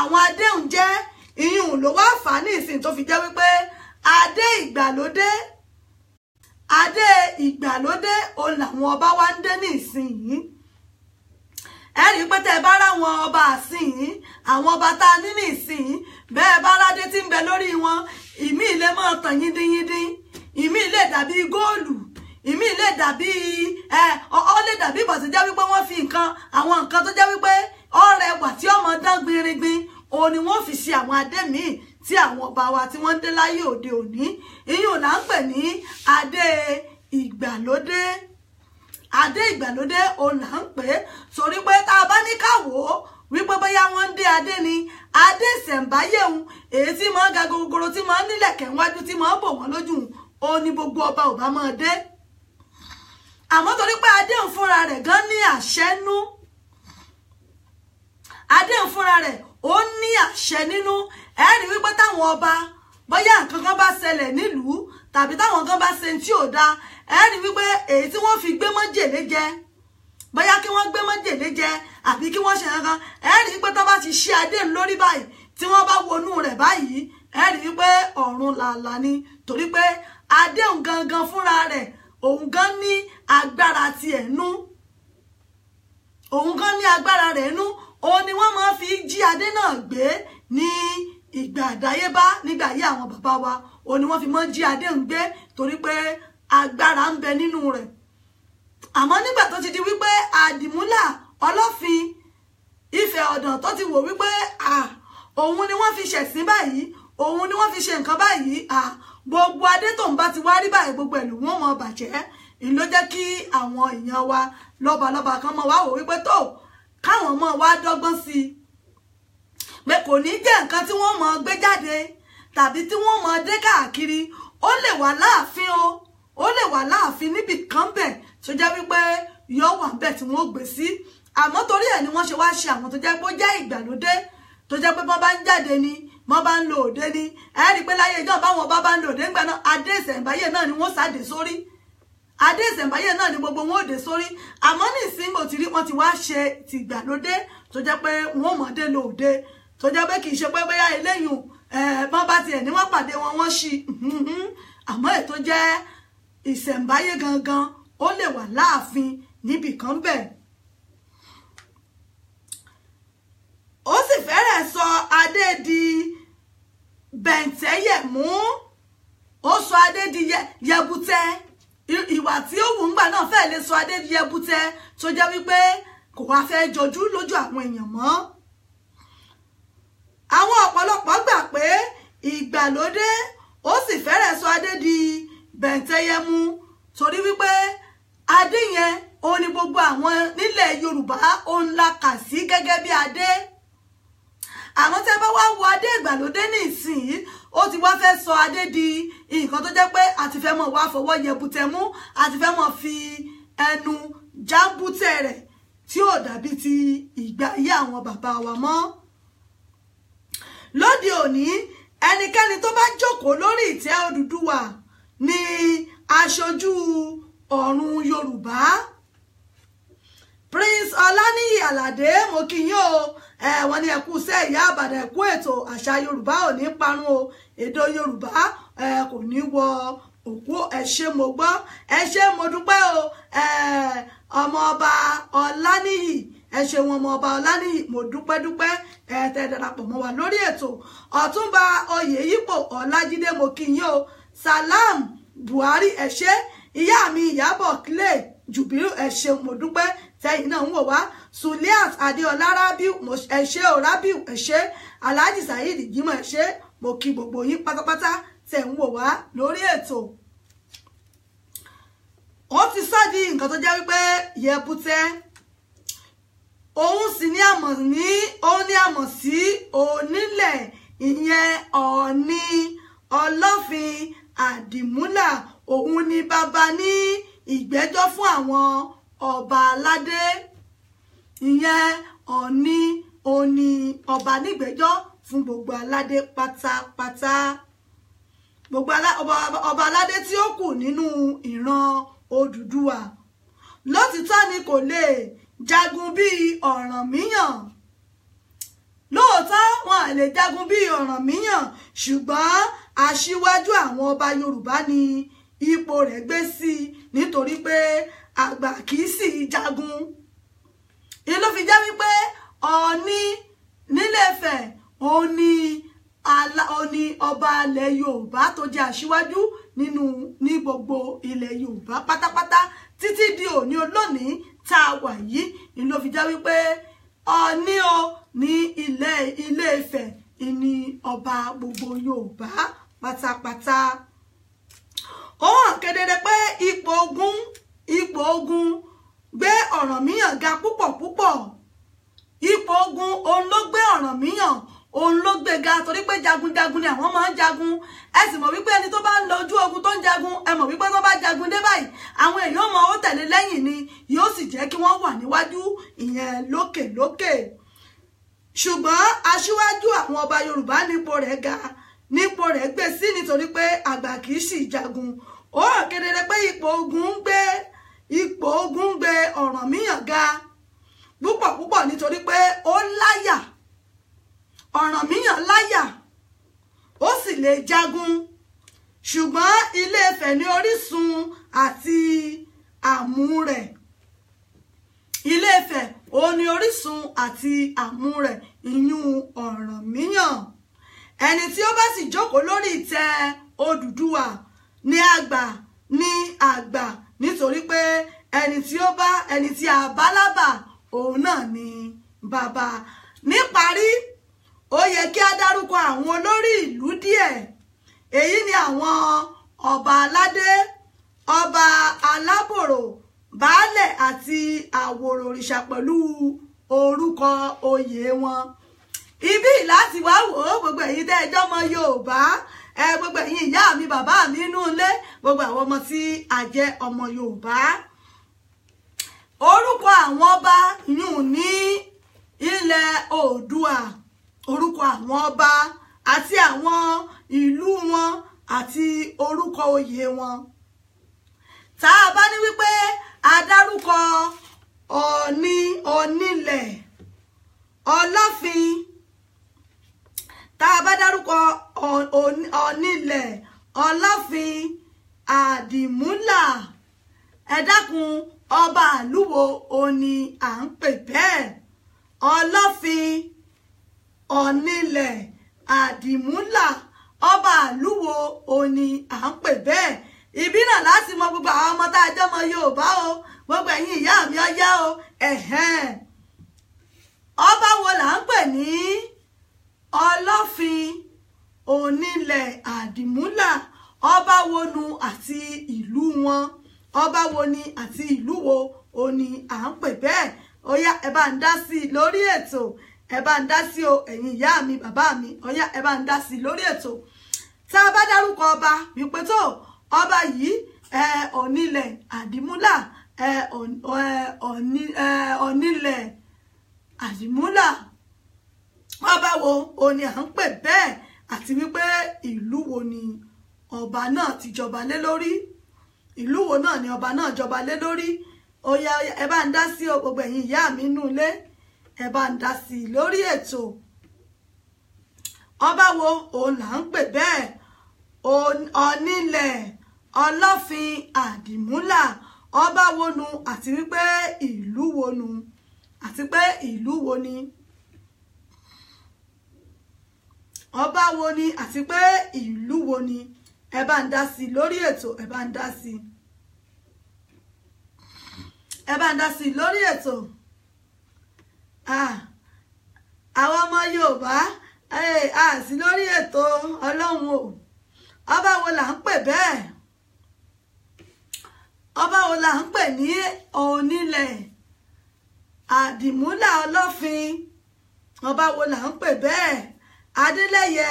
àwọn adéhùn jẹ́ ìyún ló wá fà á ní ìsìn tó fi jẹ́ wípé adé ìgbàlódé adé ìgbàlódé òun làwọn ọba wa ń dé ní ìsìn yìí ẹ rí pé tẹ́ ẹ bá ráwọn ọba àsìn yìí àwọn ọba tá a ní ní ìsìn yìí bẹ́ẹ̀ bá aládé tí ń bẹ lórí wọn ìmí ilé máa tàn yíndínyíndín ìmí ilé dàbí góòlù ìmí ilé dàbí ẹ ọ lè dàbí ìbọ̀sẹ̀ jẹ́ wípé wọ́n fi nǹkan àwọn nǹkan tó jẹ́ wípé ọrẹ wà tí ọmọ dán gbinringbin òun ni wọ́n fi ṣe àwọn adé míì tí àwọn ọba wa tí wọ́n dé láyé òde òní ìyún là ń pè ní adé ìgbàlódé adé ìgbàlódé òun là ń pè é torí pé tá a bá ní ká wò ó wípé bóyá wọ́n ń dé adé ni adé ìṣẹ̀ǹbáyé òun èyí tí máa ń ga gogoro tí máa ń nílẹ̀kẹ̀ wájú tí máa ń bò wọ́n lójú òun ni gbogbo ọba ò bá máa dé àmọ́ torí pé adé òun fúnra rẹ̀ gan ní àṣẹ́nú adé òun fúnra rẹ̀ ó ní àṣẹ nínú ẹ rí wípé táwọn ọba bóyá nǹkan kan bá ṣẹlẹ̀ nílùú tàbí táwọn kan bá ṣe tí ò dáa ẹ rí wípé èyí tí wọ́n fi gbé májèlé jẹ bóyá kí wọ́n gbé májèlé jẹ àbí kí wọ́n ṣe kankan ẹ rí wípé tó bá ti ṣe adé lórí báyìí tí wọ́n bá wọnú rẹ̀ báyìí ẹ wípé ọ̀run làlà ni torí pé adéhùn gangan fúnra rẹ̀ òun gan ní agbára tiẹ̀ nú òun gan ní agbára rẹ̀ nú òun ni wọ́n máa fi jí adé náà gbé ní ìgbà àdáyébá nígbà ayé àwọn bàbá wa òun ni wọ́n fi máa jí adé ń gbé torí pé agbára ń bẹ nínú rẹ̀ àmọ́ nígbà tó ti di wípé àdìmúlà ọlọ́fin ìfẹ́ ọ̀dàn tó ti wò wípé òun ni wọ́n fi ṣẹ̀sín báyìí òun ni wọ́n fi ṣe nǹkan báyìí gbogbo adé tó ń bá ti wá rí báyìí gbogbo ẹ̀lú wọn mọ bàjẹ́ ìló jẹ́ kí àwọn èèyàn wa lọ́balọ́ba kan mọ̀ wá wò wípé tó káwọn ọmọ wa dọ́gbọ́n sí i pé kò ní jẹ́ nǹkan tí wọ́n mọ̀ gbé jáde tàbí tí wọ́n mọ̀ dé káàkiri ó lè wà láàfin o ó lè wà láàfin níbi kan bẹ̀ tó jẹ́ wípé yọ wà bẹ̀ tí wọ́n gbé sí àmọ́ torí ẹ̀ ni wọ́n ṣe wá ṣe àwọn tó jẹ́ pé ó jẹ́ ìgbàlódé tó jẹ́ pé wọ́n bá ń jáde ni wọ́n bá ń lo òde ni ẹ̀ẹ́rì pé láyé ìjọba àwọn ọba bá ń lo òde ńgbà náà adé ìṣẹ̀ǹbáyé náà ni wọ́n sáde sórí adé ìsẹ̀mbáyé náà ni gbogbo wọn ò dé sórí àmọ́ ní ìsìnkò tí rí wọn ti wá ṣe tìgbàlódé tó jẹ́ pé wọn ò mọ̀dé lòde tó jẹ́ pé kì í ṣe pé bóyá eléyìn bọ́n bá tiẹ̀ ní wọ́n pàdé wọn wọ́n ṣí àmọ́ ètò jẹ́ ìsẹ̀mbáyé gangan ó lè wà láàfin níbì kan bẹ́ẹ̀. ó sì fẹ́rẹ̀ sọ adé di bẹ̀ǹtẹ́yẹ̀ mú ó sọ adé di yẹbutẹ́. Ye, ìwà tí ó wù ńgbà náà fẹ́ẹ̀ lè sọ adé di ẹbútẹ tó jẹ́ wípé kò wá fẹ́ jọjú lójú àwọn èèyàn mọ́ àwọn ọ̀pọ̀lọpọ̀ gbà pé ìgbàlódé ó sì fẹ́rẹ̀ sọ adé di bẹ̀ǹtẹ́yẹmú torí wípé adé yẹn ó ní gbogbo àwọn nílẹ̀ Yorùbá ó ń la kà sí gẹ́gẹ́ bí adé àwọn tẹ́ bá wá wo adé ìgbàlódé ní ìsìn yìí ó ti wá fẹ́ sọ adé di nǹkan tó jẹ́ pé àti fẹ́ mọ̀ wá fọwọ́ yẹbùtẹ̀ mú àti fẹ́ mọ̀ fi ẹnu jábùtẹ̀ rẹ̀ tí ò dàbí ti ìgbà ayé àwọn bàbá wa mọ́ lóde òní ẹnikẹ́ni tó bá jókòó lórí ìtẹ́ Odùduwà ni aṣojú ọ̀run Yorùbá Prince Ọláníyì Àlàdé mo kí yín o wọ́n ní ẹkú iṣẹ́ ìyá àbàdàn ẹkú ètò àṣà yorùbá ò ní parun o èdè yorùbá kò ní wọ òkú ẹ mo gbọ́ ẹ mo dúpẹ́ o ọmọ ọba ọláníyì ẹ ṣe wọn ọmọ ọba ọláníyì mo dúpẹ́ dúpẹ́ ẹ tẹ darapọ̀ mọ́ wa lórí ètò ọ̀túnba oyèyípo ọlájídé mo kí o salam buhari ẹ ṣé ìyá mi ìyábọ̀ clay jùbírù ẹ ṣé mo dúpẹ́ tẹ̀yin náà ń wò wá Suliat Adeola Rabiu ẹ ṣé o Rabiu ẹ ṣé Alhaji Saheed Jimoh ẹ mo ki gbogbo yín pátápátá tẹ̀ ń wò wá lórí ètò ó ti sọ di nǹkan tó jẹ́ wípé yẹpútẹ́ òun ni ní ni o ni ní àmọ̀ sí onílẹ̀ ìyẹn ọ̀ọ́ni ọlọ́fin àdìmúlà òun ni bàbá ní ìgbẹ́jọ́ fún àwọn ọba aládé ìyẹn ọ̀ní òní ọba nígbẹ́jọ́ fún gbogbo aládé pátápátá gbogbo ọba aládé tí ó kù nínú ìran Odùduwà lótìtọ́ ni kò lè jagun bíi Ọ̀rànmíyàn lóòótọ́ wọn à lè jagun bíi Ọ̀rànmíyàn ṣùgbọ́n aṣíwájú àwọn ọba Yorùbá ni ipò rẹ̀ gbé sí nítorí pé àgbà kì í sì jagun ìlú fi jẹ́ wípé ọ̀ọ́ni nílé Ifẹ̀ òun ni òní ọba ilẹ̀ Yorùbá tó jẹ́ aṣíwájú nínú ní gbogbo ilẹ̀ Yorùbá pátápátá títí di òní olónìí tá a wà yìí ìlú fi jẹ́ wípé ọ̀ọ́ni o ní ilẹ̀ Ilé Ifẹ̀ ìní ọba gbogbo Yorùbá pátápátá ó hàn kedere pé ipò ogun ipò ogun gbé Ọ̀rànmíyàn ga púpọ̀ púpọ̀ ipò ogun òun ló gbé Ọ̀rànmíyàn òun ló gbé ga torí pé jagunjagun ni àwọn máa ń jagun ẹ sì mọ̀ wípé ẹni tó bá ń lọ ojú ogun tó ń jagun ẹ mọ̀ wípé tó bá jagun dé báyìí àwọn èèyàn mọ ó tẹ̀lé lẹ́yìn ni yóò sì jẹ́ kí wọ́n wà níwájú ìyẹn lókè lókè ṣùgbọ́n aṣíwájú àwọn ọba Yorùbá nípò rẹ̀ ga nípò rẹ̀ gbé sí nítorí pé àgbà kì í sì jagun ó hàn kedere pé ipò ogun ń gbé ipò ogun gbé Ọ̀rànmíyàn ga púpọ̀ púpọ̀ nítorí pé ó láyà Ọ̀rànmíyàn láyà ó sì lè jagun ṣùgbọ́n Ilé-Ifẹ̀ ní orísun àti àmú rẹ̀ Ilé-Ifẹ̀ ó ní orísun àti àmú rẹ̀ ìyún Ọ̀rànmíyàn ẹni tí ó bá sì jókòó lórí ìtẹ́ Odùduwà ní àgbà ní àgbà nítorí pé ẹni tí ó bá ẹni tí a bá lábà òun náà ni bàbá níparí ó yẹ kí a dárúkọ àwọn olórí ìlú díẹ̀ èyí ni àwọn ọba aládé ọba alábòrò baálẹ̀ àti àwòrò òrìṣà pẹ̀lú orúkọ oyè wọn ibí láti wá wò ó gbogbo èyí tẹ́ ẹjọ́ ọmọ Yorùbá ẹ gbogbo ẹ̀yin ìyá mi bàbá mi inú ilé gbogbo àwọn ọmọ tí a jẹ́ ọmọ Yorùbá orúkọ àwọn ọba yùn ní ilẹ̀ Oòduà orúkọ àwọn ọba àti àwọn ìlú wọn àti orúkọ oyè wọn tá a bá ní wípé a dárúkọ Ọ̀ọ̀ni Ọlọ́fin tá a bá dárúkọ ọ̀nilẹ̀ ọlọ́fin àdìmúlà ẹ dákun ọba àlúwo oni à ń pè bẹ́ẹ̀ ọlọ́fin ọ̀nilẹ̀ àdìmúlà ọba àlúwo oni à ń pè bẹ́ẹ̀ ìbí náà láti mọ gbogbo àwọn ọmọ tá a jẹ́ ọmọ Yorùbá o gbogbo ẹ̀yin ìyá mi ọyá o ẹ̀hẹ́n ọba wo là ń pè ní. ọlọ́fin onílẹ̀ àdìmúlà ọba wo nu àti ìlú wọn ọba wo ni àti ìlú wo o ni à ń pè bẹ́ẹ̀ ó ẹ bá ń dá sí i lórí ètò ẹ bá ń dá sí o ẹ̀yin ìyá mi bàbá mi ó yá ẹ bá ń dá sí i lórí ètò tá a bá dárúkọ ọba wípé tó ọba yìí onílẹ̀ àdìmúlà onílẹ̀ àdìmúlà ọba wo o ni à ń pè bẹ́ẹ̀ àti wípé ìlú wo ni ọba náà ti jọba lé lórí ìlú wo náà ni ọba náà jọba lé lórí ó yá ẹ bá ń dá sí gbogbo ẹ̀yin ìyá mi nú ilé ẹ bá ń dá sí lórí ètò ọba wo òun là ń pè bẹ́ẹ̀ ọ̀nílẹ̀ ọlọ́fin àdìmúlà ọba wo nu àti wípé ìlú wo nu àti pé ìlú wo ni ọba wo ni àti pé ìlú wo ni ẹ bá ń dá sí lórí ètò ẹ bá ń dá sí ẹ bá ń dá sí lórí ètò àwọn ọmọ Yorùbá a sí lórí ètò Ọlọ́run o ọba wo là ń pè bẹ́ẹ̀ ọba wo là ń pè ní onílẹ̀ àdìmúlà ọlọ́fin ọba wo là ń pè bẹ́ẹ̀ adélẹ́yẹ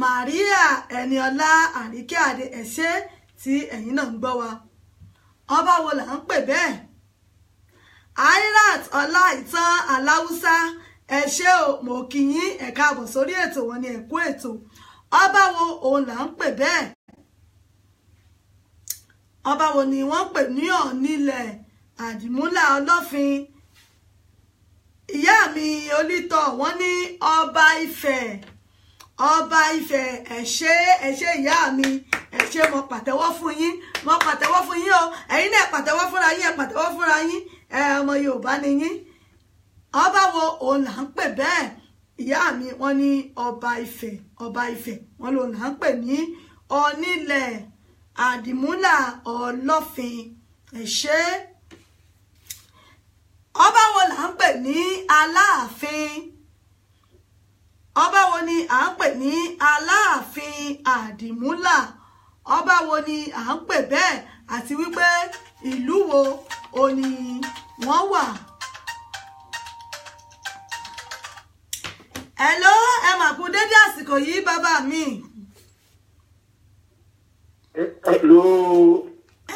maria Eniola àríkẹ́ adé ẹ̀ṣẹ́ tí ẹ̀yin náà ń gbọ́ wa ọba wo là ń pè bẹ́ẹ̀ airat ọlá ìtàn aláwùsá ẹ ṣé o mo kí yín ẹ káàbọ̀ sórí ètò wọn ni ẹ̀kú ètò ọba wo òun là ń pè bẹ́ẹ̀ ọba wo ni wọ́n pè ní ọ̀nilẹ̀ àdìmúlà ọlọ́fin ìyá mi onítọ̀ wọn ní ọba Ifẹ̀ ọba Ifẹ̀ ẹ ṣé ìyá mi ẹ mọ mo fún yín mọ pàtẹ́wọ́ fún yín o ẹ̀yin náà pàtẹ́wọ́ fúnra yín ẹ pàtẹ́wọ́ fúnra yín ọmọ Yorùbá ni ọba wo òun là ń pè mi ní ọba ọba lòun là ń pè ní àdìmúlà ọba wo là ń pè ní aláàfin ọba wo ni à ń pè ní aláàfin àdìmúlà ọba wo ni à ń pè bẹ́ẹ̀ àti wípé ìlú wo o ni wọ́n wà. hello ẹ mà kú dédé àsìkò yìí bàbá mi. hello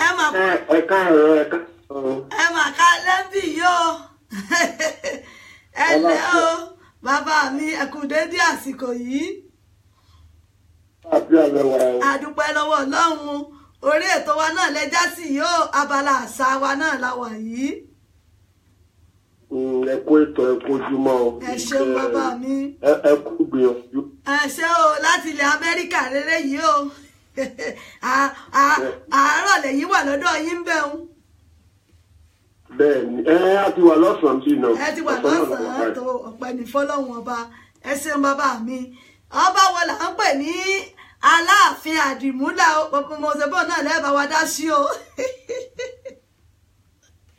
ẹ mà kú. ẹ ká ẹ ká ẹ mà ká lẹ́bì yóò ẹ lẹ́ o bàbá mi ẹ kú dédé àsìkò yìí. àdúpẹ́ lọ́wọ́ ọlọ́run orí ètò wa náà lẹ́jà sí yóò abala àṣà wa náà la wà yìí. Mm, ẹ kú ètò ẹ kú o. ẹ ṣeun bàbá mi. ẹ kú gbìyànjú. ẹ ṣe o láti ilẹ̀ amẹ́ríkà rere yìí o àárọ̀ lẹ́yìn wà lọ́dọ̀ yín bẹ́ẹ̀ o bẹ́ẹ̀ni ẹ á ti wà lọ́sàn-án tí náà ẹ ti wà lọ́sàn-án tó ọpẹ́ ní fọ́lọ́run ọba ẹ ṣeun bàbá mi ọba wo là ń pè ní aláàfin àdìmúlà mọ̀sẹ̀bọ̀ náà lẹ́ẹ̀bà wa dá sí o.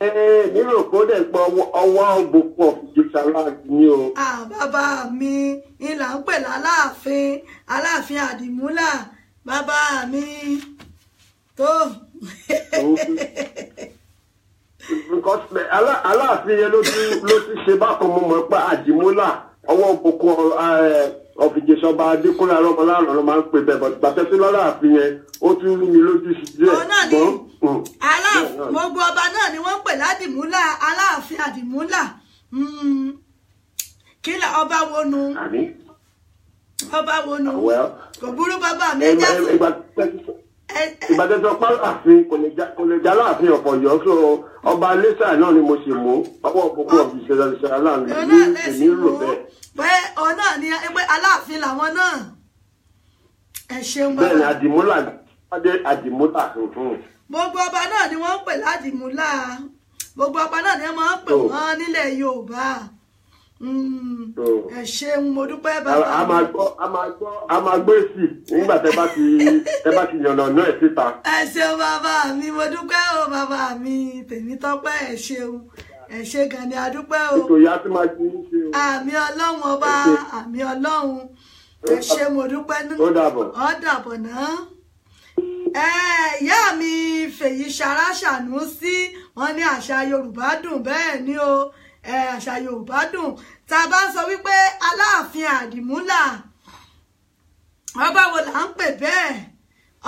ẹ nírò kó dẹ̀ gbọ́ ọwọ́ ògbópọ̀ jùsàlá ni o. bàbá mi ni là ń pè láláàfin aláàfin àdìmúlà bàbá mi tó because aláàfin yẹn ló ti ṣe bákan mo mọ̀ pé àdìmúlà ọwọ́ òkú ọ̀fìjẹsọba eh, adékúnlé arọ́mọláàrọ̀ ló máa ń pè bẹ́ẹ̀ bọ́tí gbàtẹ́sí lọ́láàfin yẹn ó tún rú mi lójú sí díẹ̀ gbọ́n. Mm. aláàfin gbogbo ọba náà ni wọ́n pè ládìmúlà aláàfin àdìmúlà hmm. kí ni ọba wo nu ọba wo nu kò burú bàbá mi jáde ìgbàdẹ́sọ pálọ̀ àfin kò lè já láàfin ọ̀pọ̀ yọ̀ ọ́ ọba lẹ́tà náà ni mo ṣe mú ọwọ́ òkùnkùn ọ̀gbìn ìṣẹ̀lẹ̀ ìṣẹ̀lẹ̀ aláàánú ní èmi rò bẹ́ẹ̀. pé òun ni pé aláàfin làwọn náà ẹ ṣeun bàbá. bẹ́ẹ̀ni àdìmúlà adé àdìmúlà tuntun. gbogbo ọba náà ni wọ́n ń pè ládìmúlà gbogbo ọba náà ni wọ́n máa ń pè wọ́n nílẹ̀ Yorùbá. Hmm. ẹ ṣeun mo dúpẹ́ bàbá mi. a máa gbọ́ èsì nígbà tẹ bá ti tẹ bá ti yànnà náà síta. ẹ ṣeun bàbá mi mo dúpẹ́ o bàbá mi Tèmítọ́pẹ́ ẹ ṣeun ẹ ṣe gan ni a dúpẹ́ o. ètò ìyá tí máa ti ń ṣe o. àmì ọlọ́run ọba àmì ọlọ́run ẹ ṣe mo dúpẹ́ ní. ó náà ìyá mi fèyí ṣara ṣàánú sí wọn ní àṣà Yorùbá dùn bẹ́ẹ̀ ni o àṣà yorùbá dùn tá a bá sọ wípé aláàfin àdìmúlà ọba wo là ń pè bẹ́ẹ̀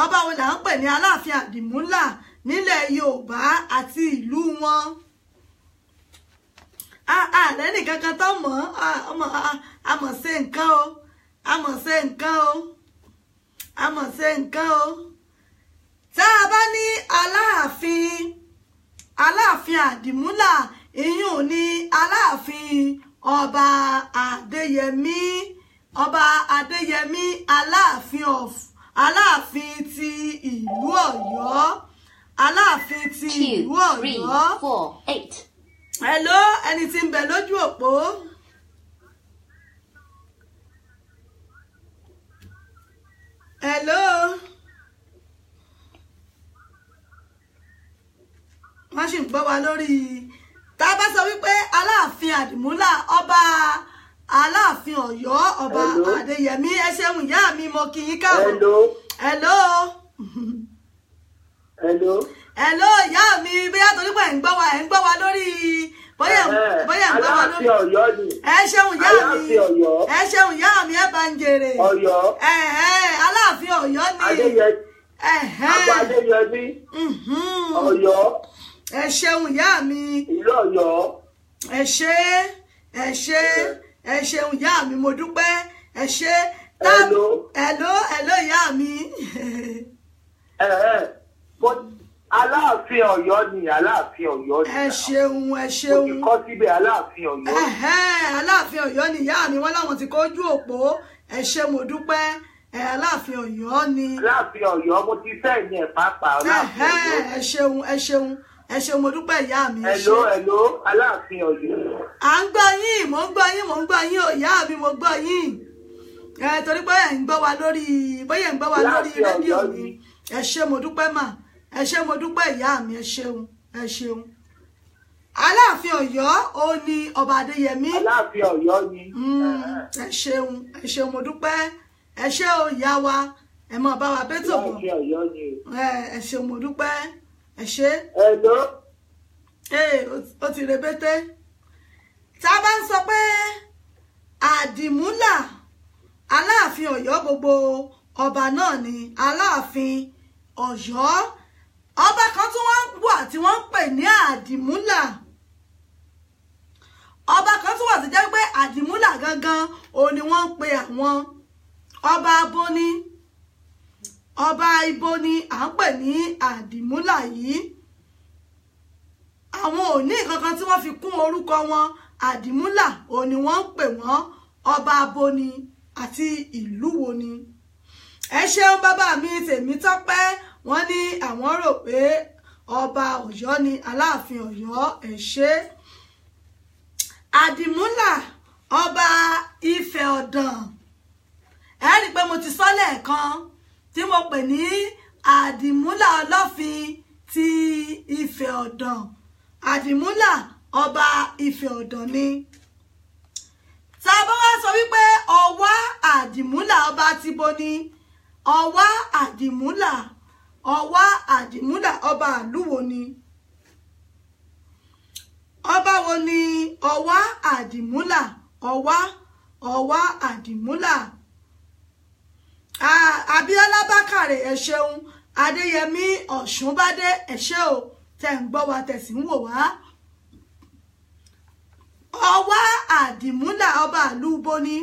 ọba wo là ń pè ní aláàfin àdìmúlà nílẹ̀ yorùbá àti ìlú wọn ààrẹ nìkankan tó mọ̀ àmọ̀ ṣe nǹkan o àmọ̀ ṣe nǹkan o àmọ̀ ṣe nǹkan o tá a bá ní aláàfin aláàfin àdìmúlà ìyún ní aláàfin ọba adéyẹmí ọba adéyẹmí aláàfin of aláàfin ti ìlú ọ̀yọ́ aláàfin ti ìlú ọ̀yọ́ hello ẹni tí ń bẹ lójú òpó. hello. wọ́n sì ń gbọ́ wa lórí tá bá sọ wípé aláàfin àdìmúlà ọba aláàfin Ọ̀yọ́ ọba Adéyẹmí ẹ ṣeun ìyá mi mo kí yín káàbọ̀ hello hello hello ìyá mi bóyá torí pé ẹ ń gbọ́ wa ẹ ń gbọ́ wa lórí bóyá bóyá ń gbọ́ wa lórí ẹ ṣeun ìyá mi ẹ ṣeun ìyá mi ẹ bá ń jèrè aláàfin Ọ̀yọ́ ni Adéyẹmí mhm. Ọ̀yọ́ ẹ ṣeun ìyá mi. ìlú Ọ̀yọ́. ẹ ṣe ẹ ṣe ẹ ṣeun ìyá mi mo dúpẹ́ ẹ ṣe. hello hello hello ìyá mi. Eh, eh, aláàfin Ọ̀yọ́ ni aláàfin Ọ̀yọ́ ni. ẹ ṣeun ẹ ṣeun. mo ti kọ́ síbẹ̀ aláàfin Ọ̀yọ́. Eh, aláàfin Ọ̀yọ́ ni ìyá mi wọ́n láwọn ti kọjú òpó ẹ ṣe mo dúpẹ́ ẹ aláàfin Ọ̀yọ́ ni. aláàfin Ọ̀yọ́ mo ti fẹ́ yẹn pàápàá ẹ ṣeun ẹ ṣeun ẹ ṣe mo dúpẹ́ ìyá mi. hello hello aláàfin ọ̀dọ́. à ń gbọ́ yín mò ń gbọ́ yín mò ń gbọ́ yín o ìyá mi mò ń gbọ́ yín ẹ torí pé ẹ̀ ń gbọ́ wa lórí bóyá ẹ̀ ń gbọ́ wa lórí rédíò mi ẹ ṣe mo dúpẹ́ mà ẹ ṣe mo dúpẹ́ ìyá mi ẹ ṣeun ẹ ṣeun aláàfin Ọ̀yọ́ ó ní ọba Adéyẹmí aláàfin Ọ̀yọ́ ni. Mm, ẹ ṣeun ẹ ṣeun mo dúpẹ́ ẹ ṣe o ìyá wa ẹ mọ bá wa bẹ́tò bọ̀ ẹ ṣeun mo dúpẹ́ ẹ ṣe. ẹ̀dọ́. ee o ti rebete tá a bá ń sọ pé àdìmúlà aláàfin Ọ̀yọ́ gbogbo ọba náà ni aláàfin Ọ̀yọ́ ọba kan tí wọ́n wà tí wọ́n ń pè ní àdìmúlà ọba kan tí wọ́n ti jẹ́ pé àdìmúlà gangan òun ni wọ́n ń pe àwọn ọba abóní ọba ibo ni à ń pè ní àdìmúlà yìí àwọn ò ní kankan tí wọ́n fi kún orúkọ wọn àdìmúlà ò ní wọ́n ń pè wọ́n ọba abo ni àti ìlú wo ni ẹ ṣeun bàbá mi tèmi tọ́pẹ́ wọ́n ní àwọn rò pé ọba Ọ̀yọ́ ni aláàfin Ọ̀yọ́ ẹ ṣe àdìmúlà ọba Ifẹ̀ Ọ̀dàn ẹ rí i pé mo ti sọ lẹ́ẹ̀kan tí mo pè ní àdìmúlà ọlọ́fin ti Ifẹ̀ Ọ̀dàn àdìmúlà ọba Ifẹ̀ Ọ̀dàn ni tá a bá wá sọ wípé ọwá àdìmúlà ọba ti bo ni ọwá àdìmúlà ọwá àdìmúlà ọba àlúwo ni ọba wo ni ọwá àdìmúlà ọwá ọwá àdìmúlà Abíọ́lá Bákàrè ẹ ṣeun Adéyẹmí Ọ̀ṣúnbádé ẹ ṣé o tẹ̀ ń gbọ́ wa tẹ̀sí ń wò wá ọwá àdìmúlà ọba ìlú boni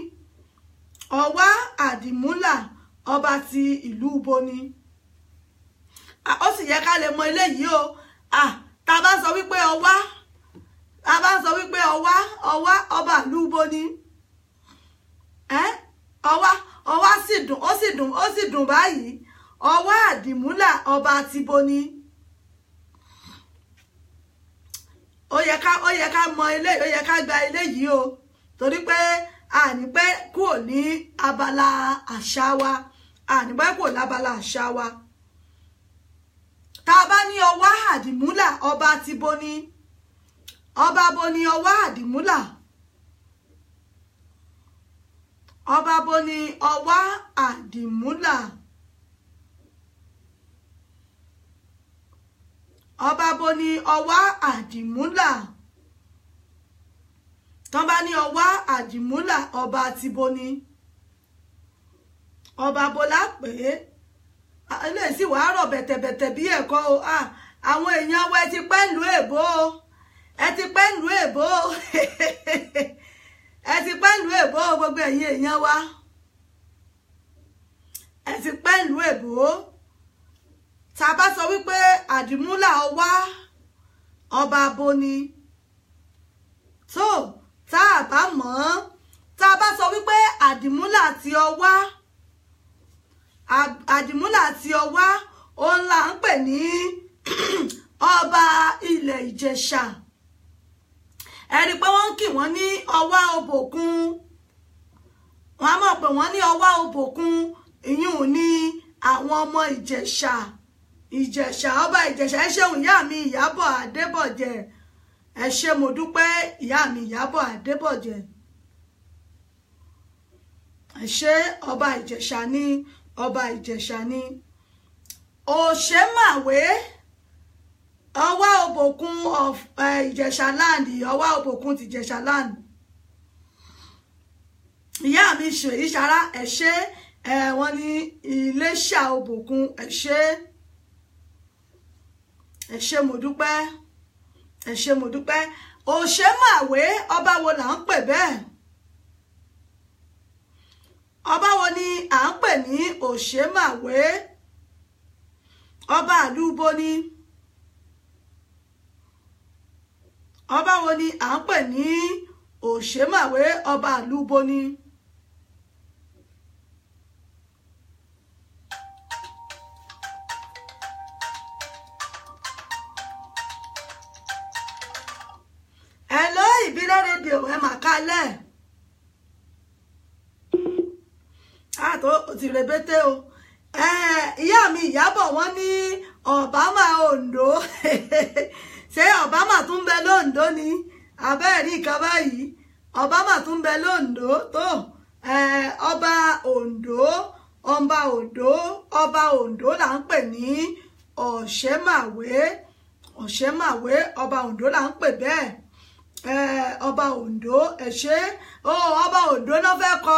ọwá àdìmúlà ọba ti ìlú boni ó sì yẹ ká lè mọ eléyìí o tá bá sọ wípé ọwá tá bá sọ wípé ọwá ọwá ọba ìlú boni ọwá. Eh? ọwá sì dùn ó sì dùn ó sì dùn báyìí ọwá àdìmúlà ọba àtìbo ó yẹ ká ó yẹ ká mọ ilé ó yẹ ká gba ilé yìí o torí pé àní pé kúrò ní abala àṣà wa àní pé kúrò lábala àṣà wa tá a bá ní ọwá àdìmúlà ọba àtìbo ọba bo ni ọwá àdìmúlà ọba bo ni ọwá àdìmúlà ọba bo ni ọwá àdìmúlà tán bá ní ọwá àdìmúlà ọba ti bo ni ọba bọlá pé ilé sì wàá rọ̀ bẹ̀tẹ̀bẹ̀tẹ̀ bí ẹ̀kọ́ o àwọn èèyàn wa ẹ ti pẹ́ ìlú èbó o ẹ ti pẹ́ ìlú èbó o ẹ ti pẹ́lú èbó gbogbo ẹ̀yin èèyàn wa ẹ ti pẹ́lú èbó tá a bá sọ wípé àdìmúlà ọwá ọba aboni tó tá a bá mọ̀ ọ́n tá a bá sọ wípé àdìmúlà ti ọwá àdìmúlà ti ọwá òun là ń pè ní ọba ilẹ̀ ìjẹ̀ṣà ẹ rí i pé wọ́n ń kì wọ́n ní ọwá òbòkun wọ́n á mọ̀ pé wọ́n ní ọwá òbòkun ìyún ní àwọn ọmọ ìjẹ̀ṣà ìjẹ̀ṣà ọba ìjẹ̀ṣà ẹ ṣeun ìyá mi ìyábọ̀ adébọ̀jẹ ẹ ṣe mo dúpẹ́ ìyá mi ìyábọ̀ adébọ̀jẹ ẹ ṣe ọba ìjẹ̀ṣà ní ọba ìjẹ̀ṣà ní òṣèmàwé ọwá òbòkun of eh, ìjẹ̀ṣà land ọwá òbòkun ti ìjẹ̀ṣà land ìyá mi ṣe ìṣara ẹ̀ṣẹ́ wọ́n ní iléṣà òbòkun ẹ̀ṣẹ́ ẹ̀ṣẹ́ mo dúpẹ́ ẹ̀ṣẹ́ mo dúpẹ́ òṣèmàwé ọba wo là ń pè bẹ́ẹ̀ ọba wo ni à ń pè ní òṣèmàwé ọba àlúbo ni. Oba ọba wo ni à ń pè ní òṣèmàwé ọba àlúbo ni. hello ìbílẹ̀ rédíò ẹ̀ mà kálẹ̀. àtò ti rebete o ìyá mi Ìyábọ̀ wọ́n ní Obama Ondo. ṣé Obama tún bẹ lóńdó ni abẹ́ẹ̀rí nǹkan báyìí Obama tún bẹ lóńdó tó ọba ondo ọba ondo ọba Oǹdó là ń pè ní ọ̀ṣẹ́màwé ọ̀ṣẹ́màwé ọba Oǹdó là ń pè bẹ́ẹ̀ ọba Oǹdó ẹ̀ṣẹ́ ọba ondo náà fẹ́ kọ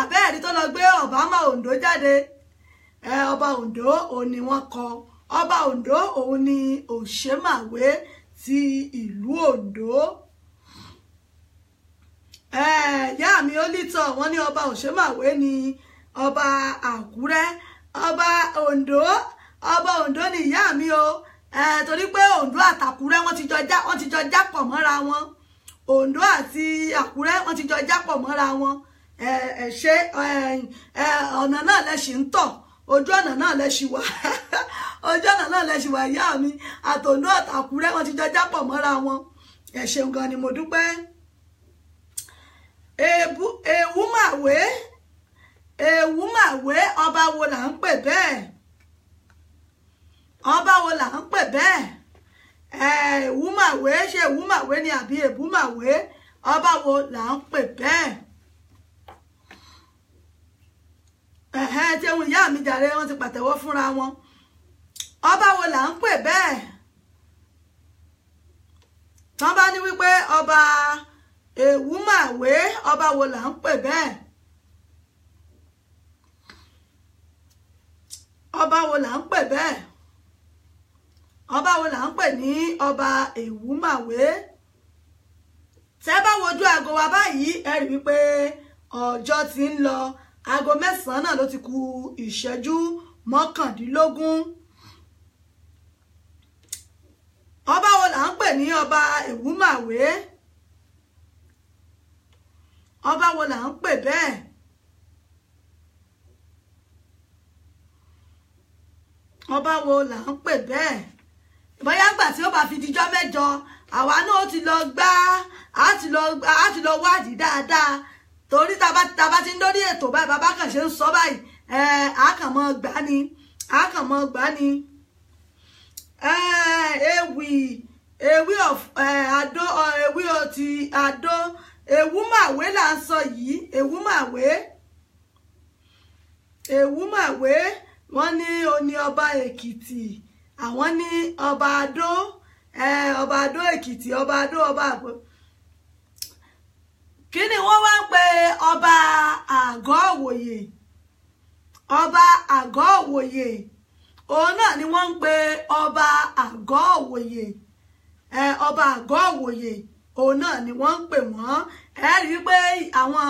abẹ́ẹ̀rí tó lọ gbé Obama Oǹdó jáde ọba ondo òun ni wọ́n kọ ọba ondo òun ni òṣèmàwé ti ìlú Oǹdó ìyá mi ó lítọ̀ wọ́n ní ọba Òṣèmàwé ni ọba Àkúrẹ́ ọba Oǹdó ọba Oǹdó ni ìyá mi o torí pé Oǹdó àtàkúrẹ́ wọ́n ti jọ jápọ̀ mọ́ra wọn Oǹdó àti Àkúrẹ́ wọ́n ti jọ jápọ̀ mọ́ra wọn ẹ ṣe ọ̀nà náà lẹ ṣì ń tọ̀ ojú ọ̀nà náà lẹ́ṣì wá ojú ọ̀nà náà lẹ́ṣì wá ìyá mi àtòlú àtàkùrẹ́ wọn ti jọ jápọ̀ mọ́ra wọn ẹ gan ni mo dúpẹ́ ewu màwé ewu màwé ọba wo là ń pè bẹ́ẹ̀ ọba wo là ń pè bẹ́ẹ̀ ewu màwé ṣe ewu màwé ni àbí ebu màwé ọba wo là ń pè bẹ́ẹ̀. ẹ̀hẹ́n tẹ́hun ìyá mi jàre wọ́n ti pàtẹ́wọ́ fúnra wọn ọba wo là ń pè bẹ́ẹ̀ tán bá ní wípé ọba èwúmàwé ọba wo là ń pè bẹ́ẹ̀ ọba wo là ń pè bẹ́ẹ̀ ọba wo là ń pè ní ọba èwúmàwé tẹ́ bá wojú aago wa báyìí ẹ wípé ọjọ́ ti ń lọ aago mẹ́sàn-án náà ló ti ku ìṣẹ́jú mọ́kàndínlógún ọba wo là ń pè ní ọba èwúmàwé ọba wo là ń pè bẹ́ẹ̀ ọba wo là ń pè bẹ́ẹ̀ bóyá gbà tí ó bá fi dijọ́ mẹ́jọ àwa náà ó ti lọ gbá á ti lọ wádìí dáadáa torí taba ti ń dórí ètò báyìí bàbá kan ṣe ń sọ báyìí ẹ àkànmọ́ gbá ni àkànmọ́ gbá ni ewì ewì àdó ewì ti àdó ewúmàwé là ń sọ yìí ewúmàwé ewúmàwé wọ́n ní oní ọba èkìtì àwọn ní ọba àdó ọba àdó èkìtì ọba àdó ọba àgbọn kí ni wọ́n wá ń pe ọba àgọ́ òwòye ọba àgọ́ òwòye òun náà ni wọ́n ń pe ọba àgọ́ òwòye ọba àgọ́ òwòye òun náà ni wọ́n ń pè wọ́n ẹ rí i pé àwọn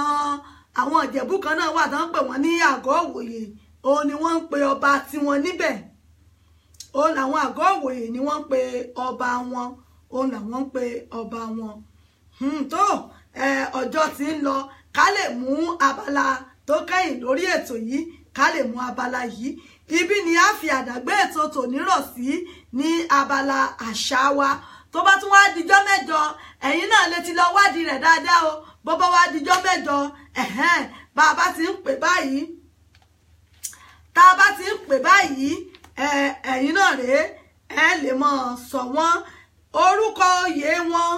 àwọn ìjẹ̀bú kan náà wà tó ń pè wọ́n ní àgọ́ òwòye òun ni wọ́n ń pe ọba tiwọn níbẹ̀ òun làwọn àgọ́ òwòye ni wọ́n ń pe ọba wọn òun làwọn ń pe ọba wọn hmm, tó ọjọ́ tí ń lọ ká lè mú abala tó kẹ́yìn lórí ètò yìí ká lè mú abala yìí ibi ni a fi àdàgbé ètò tòní rọ̀ sí ní abala àṣà wa tó bá tún wá dijọ́ mẹ́jọ ẹ̀yin náà lè ti lọ wádìí rẹ̀ dáadáa o bó bá wá dijọ́ mẹ́jọ ẹ̀hẹ́n bá a bá ti ń pè báyìí tá a bá ti ń pè báyìí ẹ̀yin náà rèé ẹ lè mọ̀ sọ wọ́n orúkọ oyè wọn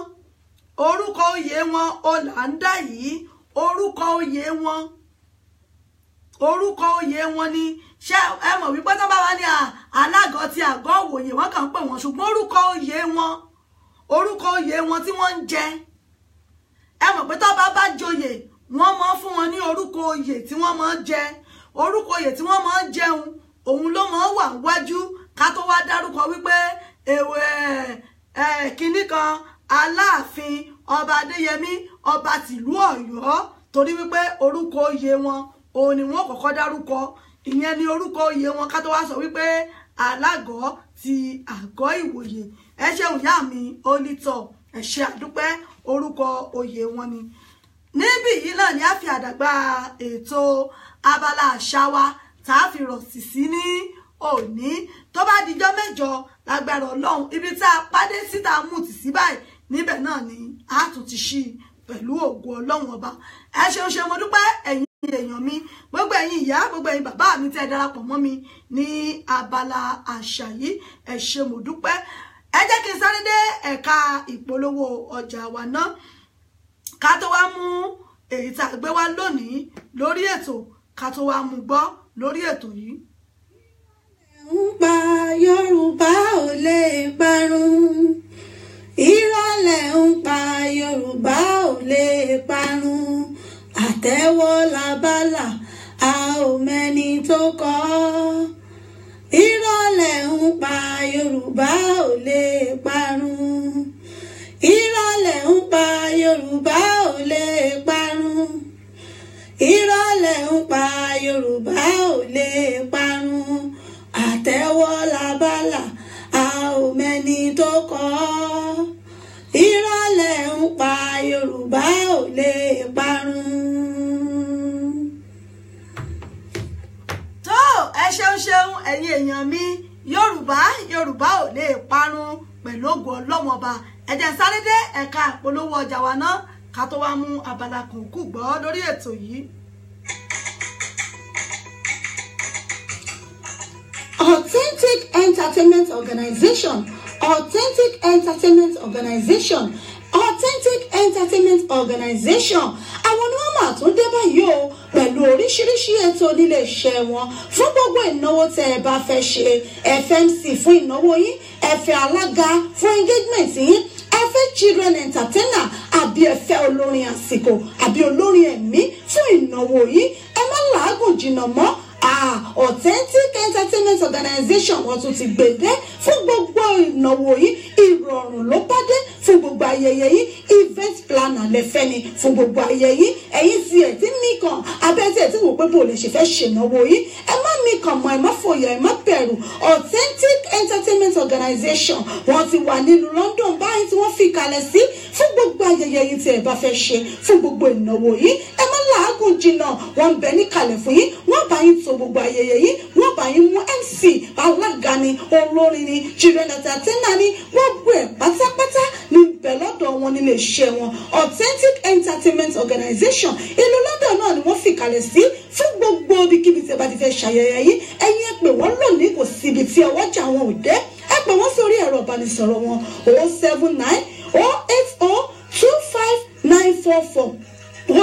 orúkọ oyè wọn ọ̀làǹdà yìí orúkọ oyè wọn orúkọ oyè wọn ni ṣé ẹ mọ̀ wípé tó bá wá ní alágọ̀ ti àgọ́ òwòye wọn kàn ń pè wọ́n ṣùgbọ́n orúkọ oyè wọn orúkọ oyè wọn tí wọ́n ń jẹ ẹ mọ̀ pé tó bá bá joyè wọ́n máa ń fún wọn ní orúkọ oyè tí wọ́n máa ń jẹ orúkọ oyè tí wọ́n máa jẹun òun ló máa wà wájú ká tó wá dárúkọ wípé èwe ẹ kínní kan aláàfin ọba adéyẹmí ọba tìlú ọ̀yọ́ torí wípé orúkọ oyè wọn òun ni wọ́n kọ́kọ́ dárúkọ ìyẹn ni orúkọ oyè wọn ká tó wá sọ wípé alágọ̀ ti àgọ́ ìwòye ẹ ṣeun yá mi onítọ̀ ẹ ṣé orúkọ oyè wọn ni níbí yìí náà ni a fi àdàgbà ètò abala àṣà wa tá a fi rọ̀ sí sí ní òní tó bá dijọ́ mẹ́jọ lágbára ọlọ́run ibi tá a pàdé síta mú sí báyìí níbẹ̀ náà ni a tún ti ṣí pẹ̀lú ògùn ọlọ́run ọba ẹ ṣeun ṣe mo dúpẹ́ ẹ̀yin èèyàn mi gbogbo ẹ̀yin ìyá gbogbo ẹ̀yin bàbá mi tẹ́ darapọ̀ mọ́ mi ní abala àṣà yìí ẹ ṣé mo dúpẹ́ ẹ jẹ́ kí n sáré dé ẹ̀ka ìpolówó ọjà wa náà ká tó wá mú èyí tá a gbé wá lónìí lórí ètò ká tó wá mú gbọ́ lórí ètò yìí. Yorùbá ò lè parun ìrọ̀lẹ́ ń pa yorùbá ò lè parun àtẹ́wọ́ labálà a ò mẹ́ni tó kọ́ ìrọ̀lẹ́ ń pa yorùbá ò lè parun ìrọ̀lẹ́ ń pa yorùbá ò lè parun ìrọ̀lẹ́ ń pa yorùbá ò lè parun àtẹ́wọ́ labálà. ẹ ṣeun ṣeun ẹ̀yin èèyàn mi yorùbá yorùbá ò lè parun pẹ̀lú ògùn ọlọ́mọba ẹ̀jẹ̀ sáré ẹ̀ka ìpolówó ọjà wa náà ká tó wá mú abala kùnkùn gbọ́ lórí ètò yìí. Authentic Entertainment Organization Authentic Entertainment Organization Authentic Entertainment Organization àwọn ni wọ́n mà tún dé báyìí o pẹ̀lú oríṣiríṣi ètò nílé iṣẹ́ wọn fún gbogbo ìnáwó tẹ́ ẹ bá fẹ́ ṣe ẹ fẹ́ MC fún ìnáwó yín ẹ fẹ́ alága fún engagement yín ẹ fẹ́ children entertainer àbí ẹ fẹ́ olórin àsìkò àbí olórin ẹ̀mí fún ìnáwó yín ẹ má làágùn jìnnà mọ́ Ah, authentic entertainment organization wọ́n tún ti gbèdé fún gbogbo ìnáwó yìí ìrọ̀rùn ló pàdé fún gbogbo ayẹyẹ yìí event planner lẹ́fẹ́ ni fún gbogbo ayẹyẹ yìí ẹ̀yin ti ẹ̀ tí mí kan abẹ́tẹ̀ tí wò pé bò lè ṣe fẹ́ ṣènáwó yìí ẹ má mí kàn mọ́ ẹ má fòyà ẹ má bẹ̀rù authentic entertainment organization wọ́n ti wà nílùú London báyìí tí wọ́n fi kalẹ̀ sí fún gbogbo ayẹyẹ yìí tí ẹ bá fẹ́ ṣe fún gbogbo ìnáwó yìí ẹ má làágùn jìnnà wọ́n ń bẹ níkàlẹ̀ fún yín wọ́n bá yín t ètò gbogbo ayẹyẹ yìí wọ́n bá yín mú MC alága ni olórin ni children entertainer ni gbogbo ẹ̀ pátápátá ní bẹ̀ lọ́dọ̀ wọn nílé iṣẹ́ wọn authentic entertainment organization ìlú lọ́dọ̀ náà ni wọ́n fìkàlẹ̀ sí fún gbogbo ibikíbi tí ẹ bá ti fẹ́ ṣayẹyẹ yìí ẹ̀yin ẹ pè wọ́n lónìí kò síbi tí ọwọ́jà wọn ò dé ẹ pè wọ́n sórí ẹ̀rọ ìbánisọ̀rọ̀ wọn o oh seven nine o oh eight o oh two five nine four four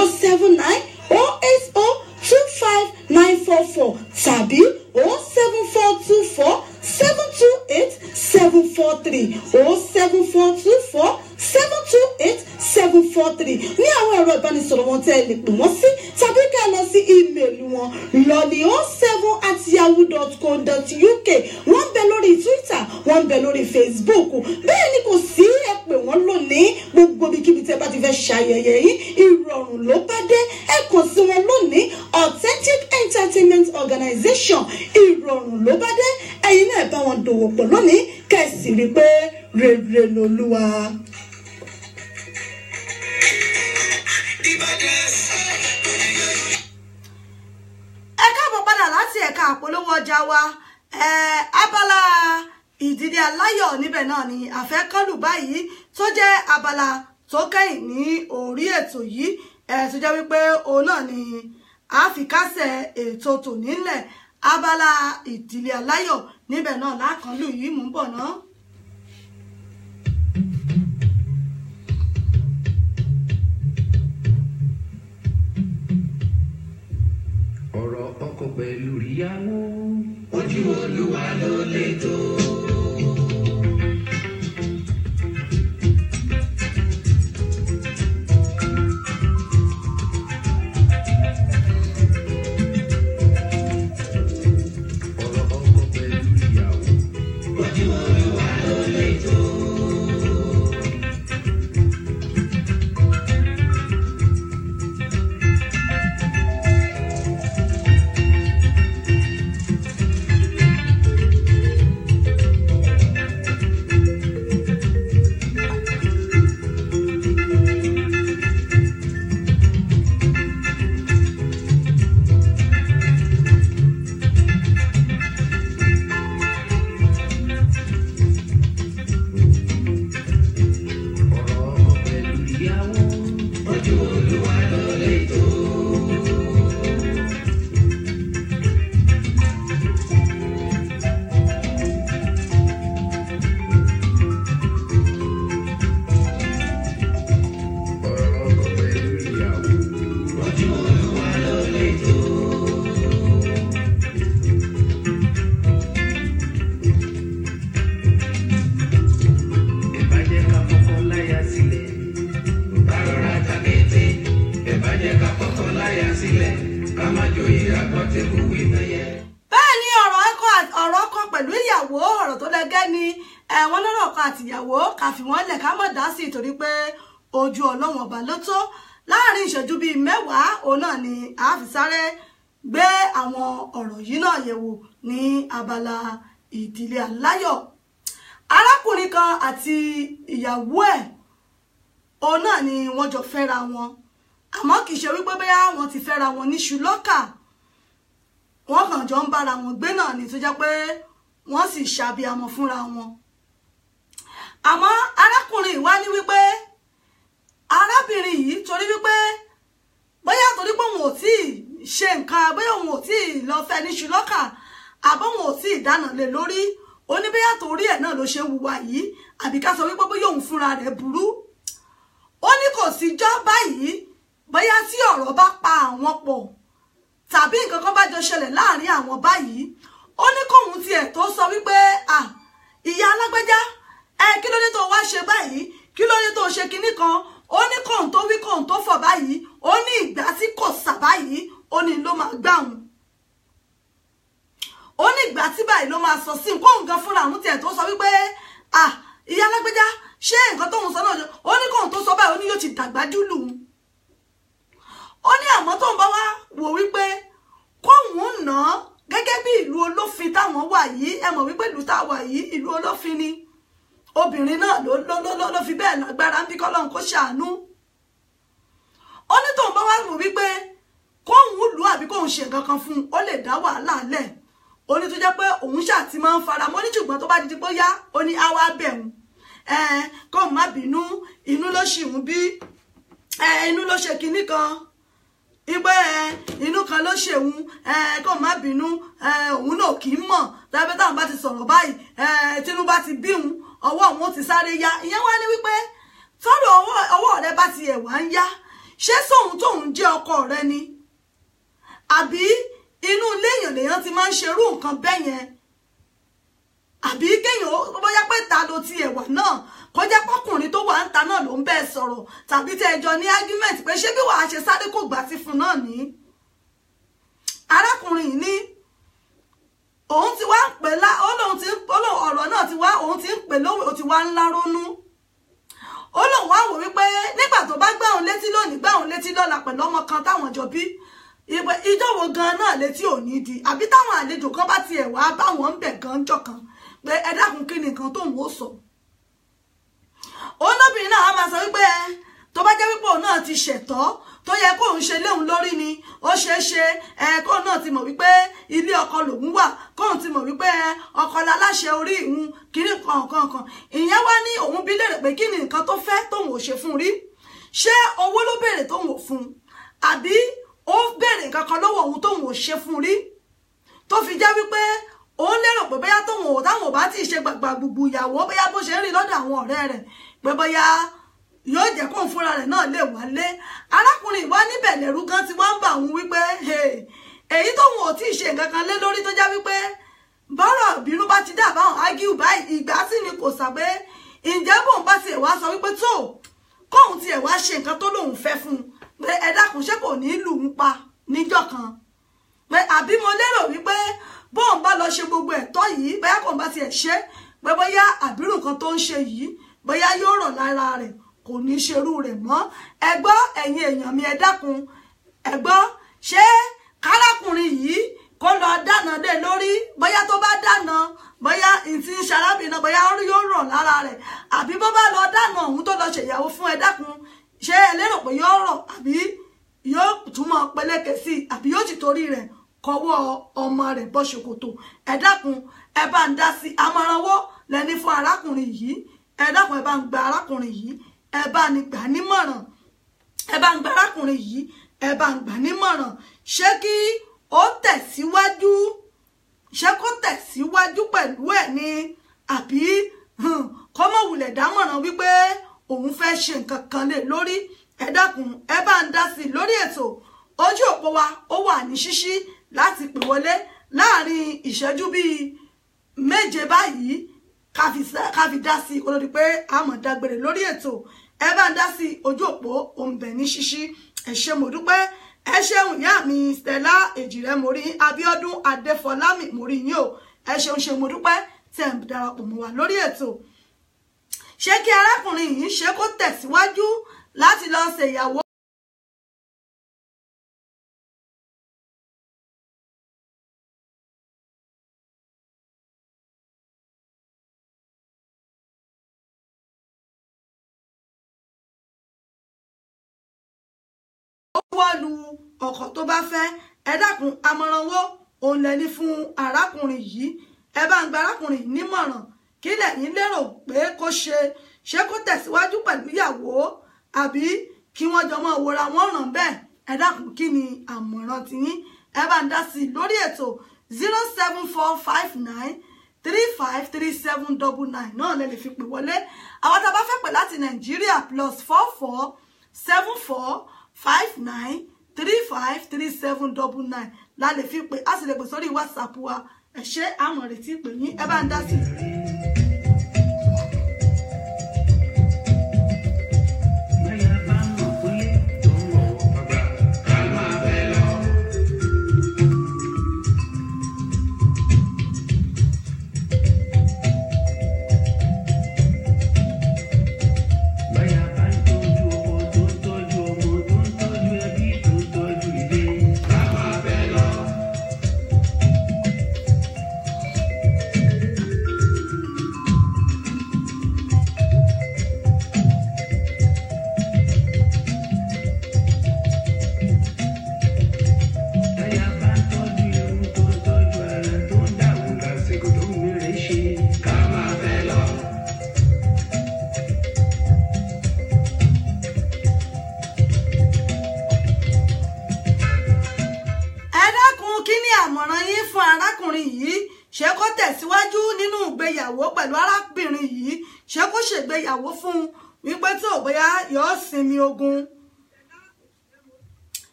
o seven nine o eight o two five nine four four tàbí oh seven four two four seven two eight seven four three oh seven four two four seven two eight seven four three ní àwọn ẹ̀rọ ìbánisọ̀rọ̀ wọn tẹ́ ẹ lè pè wọ́n sí tàbí ká lọ sí ímeèlì wọn lọ́ọ̀lì o oh seven at yahoo dot co dot uk wọ́n ń bẹ lórí twitter wọ́n ń bẹ lórí facebook bẹ́ẹ̀ ni kò sí ẹ pè wọ́n lónìí gbogbo ibikíbi tẹ́ bá ti fẹ́ ṣayẹyẹ yìí ìrọ̀rùn ló bá dé ẹ kàn sí wọn lónìí authentic entertainment organization ìrọ̀rùn ló bá dé ẹ̀yin náà bá wọn dòwò pọ̀ lónìí kẹ̀sì rí pé rere lolúwa. ẹ káàbọ̀ padà láti ẹ̀ka àpolówó ọjà wa abala ìdílé aláyọ̀ níbẹ̀ náà ni àfẹ́kọ́lù báyìí tó jẹ́ abala tó kẹ́yìn ní orí ètò yìí tó jẹ́ wípé òun náà ni àfikásẹ̀ ètò tònílẹ̀ abala ìdílé aláyọ̀ níbẹ̀ náà lákànlù yìí mú bọ̀ náà. pẹ̀lú ìyàwó. ojú olúwa ló lè tó. arákùnrin kan àti ìyàwó ẹ̀ òun náà ni wọ́n jọ fẹ́ra wọn àmọ́ kì í ṣe wípé bóyá wọ́n ti fẹ́ra wọn níṣu lọ́kà wọ́n kàn jọ ń bára wọn gbé náà ni tó jẹ́ pé wọ́n sì ṣàbíamọ fúnra wọn àmọ́ arákùnrin wá ní wípé arábìnrin yìí torí wípé bóyá torí pé òun ò tí ì ṣe nǹkan bóyá òun ò tí ì lọ fẹ́ níṣu lọ́kà àbóhun ò tí ì dáná lé lórí ó ní bóyá torí ẹ̀ náà ló ṣe wùwà yìí àbí ká sọ wípé bóyá òun fúnra rẹ̀ burú ó ní kò síjọ́ báyìí bóyá tí ọ̀rọ̀ bá pa àwọn pọ̀ tàbí nǹkan kan bá jọ ṣẹlẹ̀ láàrin àwọn báyìí ó ní kóhun tiẹ̀ tó sọ wípé à ìyá alágbẹ́já ẹ kí ló dé tó wá ṣe báyìí kí ló dé tó ṣe kinní kan ó ní kóhun tó wí kóhun tó fọ̀ báyìí ó ní ìgbà tí kò sà báyìí ó ní ló máa gbà òun ó ní ìgbà tí báyìí ló máa sọ sí nǹkó nǹkan fúnra òun tiẹ̀ tó sọ wípé ah ìyá alágbèjá ṣé nǹkan tóun sọ náà ó ní kóun tó sọ báyìí ó ní yóò ti dàgbà júlù ó ní àmọ́ tóun bá wá wò wípé kóun ná gẹ́gẹ́ bí ìlú olófin táwọn wà yìí ẹ mọ̀ wípé ìlú tá a wà yìí ìlú olófin ni obìnrin náà ló ló ló ló fi bẹ́ẹ̀ lágbára ń bí kọ́lọ́n kó ṣàánú ó ní tóun bá wá rò wípé kóun lù àbí kóun ṣe nǹkan kan fún un ó lè dá wàhálà lẹ̀ Oni ní tó jẹ́ pé òun ṣáà ti máa ń fara mọ́ ní ṣùgbọ́n tó bá di bóyá ó ní àwa bẹ̀rù kó má bínú inú ló ṣì ń bí inú ló ṣe kinní kan ipe inú kan ló ṣèun kó má bínú òun náà kì í mọ̀ tàbí táwọn bá ti sọ̀rọ̀ báyìí tínú bá ti bí òun ọwọ́ òun ti sáré ya ìyẹn wá ní wípé tọ́rọ̀ ọwọ́ rẹ bá ti ẹ̀wà ń yá ṣé sóhun tóun jẹ́ ọkọ rẹ ni àbí inú ilé èèyàn lèèyàn ti máa ń ṣerú nǹkan bẹ́ẹ̀ yẹn àbí kéèyàn bóyá pé ta ló ti ẹ̀wà náà kọjá pọkùnrin tó wà ń ta náà ló ń bẹ́ẹ̀ sọ̀rọ̀ tàbí tẹ ẹjọ́ ní argument pé ṣé bí wàá ṣe sáré kò gbà ti fún náà ní. arákùnrin yìí ní òun ti wá ń pè lá olóhùn ti ọ̀rọ̀ náà ti wá òun ti ń pè lóhùn ó ti wá ńlá ronú ó lóun wá wò wípé nígbà tó bá gbá òun létí lónìí gbá òun létí lọ́la pẹ̀lú ọmọ kan táwọn jọ bí ìgbẹ́ ìjọwọ́ gan náà létí ò ní di àbí táwọn àlejò kan bá tiẹ̀ wá báwọn ń bẹ̀ gan jọ kan pé ẹ dákun kí ni nǹkan tóun ó sọ olóbìnrin náà a máa sọ wípé tó bá jẹ́ wípé òun náà ti ṣẹ̀tọ́ tó yẹ kóun ṣe léun lórí ni ó ṣeé ṣe ẹ kóun náà ti mọ̀ wípé ilé ọkọ lòun wà kóun ti mọ̀ wípé ọkọ láláṣẹ orí ìhun kiri kankan kan ìyẹn wá ní òun bí léèrè pé kí ni nǹkan tó fẹ́ tóun ò ṣe fún rí ṣé owó ló béèrè tóun ò fún àbí ó bèrè nǹkan kan lọ́wọ́ òun tóun ò ṣe fún un rí tó fi jẹ́ wípé òun lérò pé bóyá tóun ò táwọn ò bá ti ṣe gbàgbà gbùgbù ìyàwó bóyá bó ṣe ń rìn lọ́dọ̀ àwọn ọ̀rẹ́ rẹ̀ pé bóyá yóò jẹ́ kóun fúnra rẹ̀ náà lè wálé arákùnrin ìwá níbẹ̀ lẹ́rú gan ti wá ń bà òun wípé èyí tóun ò tí ì ṣe nǹkan kan lé lórí tó jẹ́ wípé bọ́rọ̀ bínú bá ti dà báwọn ágíù báyìí ìgbà sì ni kò sàgbé ǹjẹ́ bóun bá ti wá sọ wípé tó kóun ti wá ṣe nǹkan tó lóun fẹ́ fún un pé ẹ dákun ṣé kò ní lù ń pa níjọ́ kan pé àbí mo lérò wípé bóun bá lọ ṣe gbogbo ẹ̀tọ́ yìí bóyá kò bá tiẹ̀ ṣe pé bóyá àbírù kan tó ń ṣe yìí bóyá yóò rọ̀ lára rẹ̀ kò ní ṣerú rẹ̀ mọ́ ẹ gbọ́ ẹ̀yin èèyàn mi ẹ dákun ẹ gbọ́ ṣé kárákùnrin yìí kó lọ dáná dé lórí bóyá tó bá dáná bóyá ìtì ṣarábìnrin bóyá yóò rọ̀ lára rẹ̀ àbí bó bá lọ dáná òun tó lọ ṣèyàwó fún ẹ ṣé ẹ lérò pé yóò rọ̀ àbí yóò tún máa peléke sí i àbí yóò sì torí rẹ̀ kọ́wọ́ ọmọ rẹ̀ bọ́ ṣòkòtò ẹ dákun ẹ bá ń dá sí amọ̀rànwọ́ lẹ́ni fún arákùnrin yìí ẹ dákun ẹ bá ń gba arákùnrin yìí ẹ bá ní gbà nímọ̀ràn ẹ bá ń gba arákùnrin yìí ẹ bá ń gbà nímọ̀ràn ṣé kí ó tẹ̀síwájú ṣé kó tẹ̀síwájú pẹ̀lú ẹ̀ ni àbí kọ́mọ̀wùlẹ̀ dámọ̀ràn wípé òun fẹ́ ṣe nǹkan kan lé lórí ẹ dákun ẹ bá ń dá sí i lórí ètò ojú òpó wa ó wà ní ṣíṣí láti pè wọlé láàrin ìṣẹ́jú bíi méje báyìí ká dá sí i kó ló di pé a mọ̀ dágbére lórí ètò ẹ bá ń dá sí i ojú òpó òǹbẹ̀ ní ṣíṣí ẹ ṣé mo dúpẹ́ ẹ ṣeun ìyá mi Stella Èjìrẹ́ mo rí Abíọ́dún Adéfọlámì yín o ẹ ṣeun ṣe mo dúpẹ́ tẹ̀ ń darapọ̀ mọ́ wa lórí ètò ṣé kí arákùnrin yìí ṣe kó tẹ̀síwájú láti lọ ṣèyàwó. wọ́ọ̀lù ọkọ̀ tó bá fẹ́ ẹ dákun amọ̀ràn wo òun lẹ́ni fún arákùnrin yìí ẹ bá ń gba arákùnrin nímọ̀ràn kí lẹ̀yin lérò pé kó ṣe ṣé kó tẹ̀síwájú pẹ̀lú ìyàwó àbí kí wọ́n jọ mọ́ wòra wọn ràn bẹ́ẹ̀ ẹ dákun kí ni àmọ̀ràn tiyín ẹ bá ń dá sí i lórí ètò zero seven four five nine three five three seven double nine náà lè lè fi pè wọlé àwọn tá a bá fẹ́ pè láti nàìjíríà plus four four seven four five nine three five three seven double nine la lè fi pè á sì lè pè sórí whatsapp wa ẹ ṣe àmọ̀rètí pè yín ẹ bá ń dá sí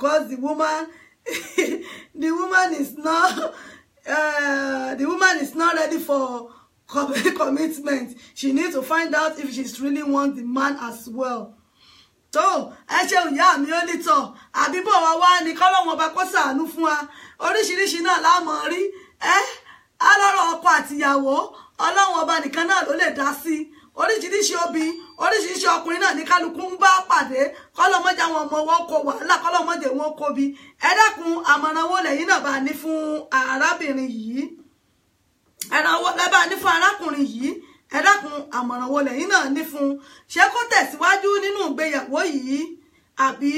because the woman the woman is not uh, the woman is not ready for commitment she needs to find out if she really wants the man as well So ẹ ṣeun ìyá mi ó nítàn àbíbọ̀ wa wá ní kọ́lọ́wọ́n ọba kó ṣàánú fún wa oríṣiríṣi náà la rí ẹ́ á lọ́rọ̀ ọkọ àtìyàwó ọlọ́run ọba nìkan náà ló le dá sí oríṣiríṣi obì oríṣiríṣi ọkùnrin náà ní kálukú ń bá pàdé kọlọmọjà wọn ọmọ wọn kó wàhálà kọlọmọjà wọn kó bi ẹ dákun àmọ̀ràn wo lẹ́yìn náà bá ní fún arábìnrin yìí ẹran wo lẹ bá ní fún arákùnrin yìí ẹ dákun àmọ̀ràn wo lẹ́yìn náà ní fún ṣé kó tẹ̀síwájú nínú ìgbéyàwó yìí àbí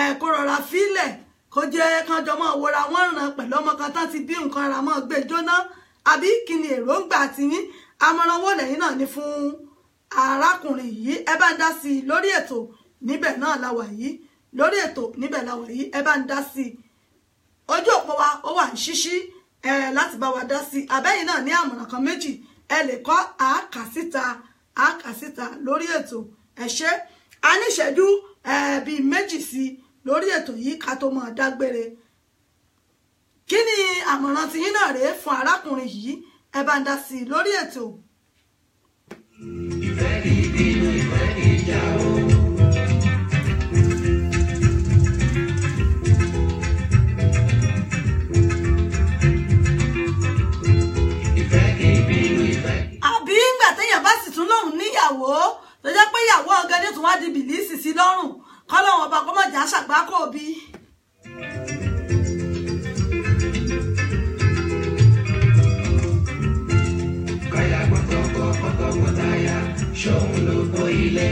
ẹ kó rọra fílẹ̀ kó jẹ́ kánjọ mọ́ wọra wọ́n ràn pẹ̀lú ọmọ kan tán ti bí nǹkan ara mọ́ gbé jóná àbí kí ni èròǹgbà tiyín àmọ̀ràn wo lẹ́yìn náà ní fún arákùnrin yìí ẹ bá ń dá sí i lórí ètò níbẹ̀ náà la wà yìí lórí ètò níbẹ̀ la wà yìí ẹ bá ń dá sí i ojú òpó wa ó wà ní ṣíṣí ẹ láti bá wa dá sí i àbẹ́yìn náà ní àmọ̀ràn kan méjì ẹ lè kọ́ àákà síta àákà síta lórí ètò ẹ ṣé a ní ìṣẹ́jú bíi méjì sí i lórí ètò yìí ká tó máa dágbére kí ni àmọ̀ràn tiyín náà rèé fún arákùnrin yìí ẹ bá ń dá sí i lórí ètò. Mm. níyàwó tó jẹ́ pé ìyàwó ọ̀gá ní tùwọ́n di bìlísì sí lọ́rùn kọ́lọ́wọ́n ọba kọ́mọ̀jà ṣàgbákò bí. káyà gbọ́tọ̀kọ̀ tọkọtaya ṣòun ló bó ilé.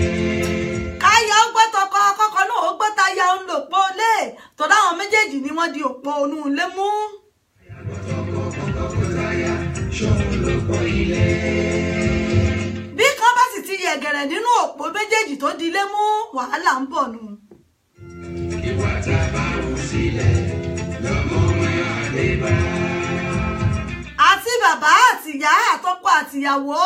káyà ó gbọ́tọ̀kọ̀ kọ́kọ́ náà ó gbọ́taya ń lò pọ̀ lé tọ́lá àwọn méjèèjì ni wọ́n di òpó onú ilé mú. káyà gbọ́tọ̀kọ̀ tọkọtaya ṣòun ló bó ilé ẹ̀gẹ̀rẹ̀ nínú òpó méjèèjì tó dilé mú wàhálà ń bọ̀ nù. ìwà tá a bá wù sílẹ̀ lọ́mọ máa lè bá. àti bàbá àtìyá àtọkọ àtìyàwó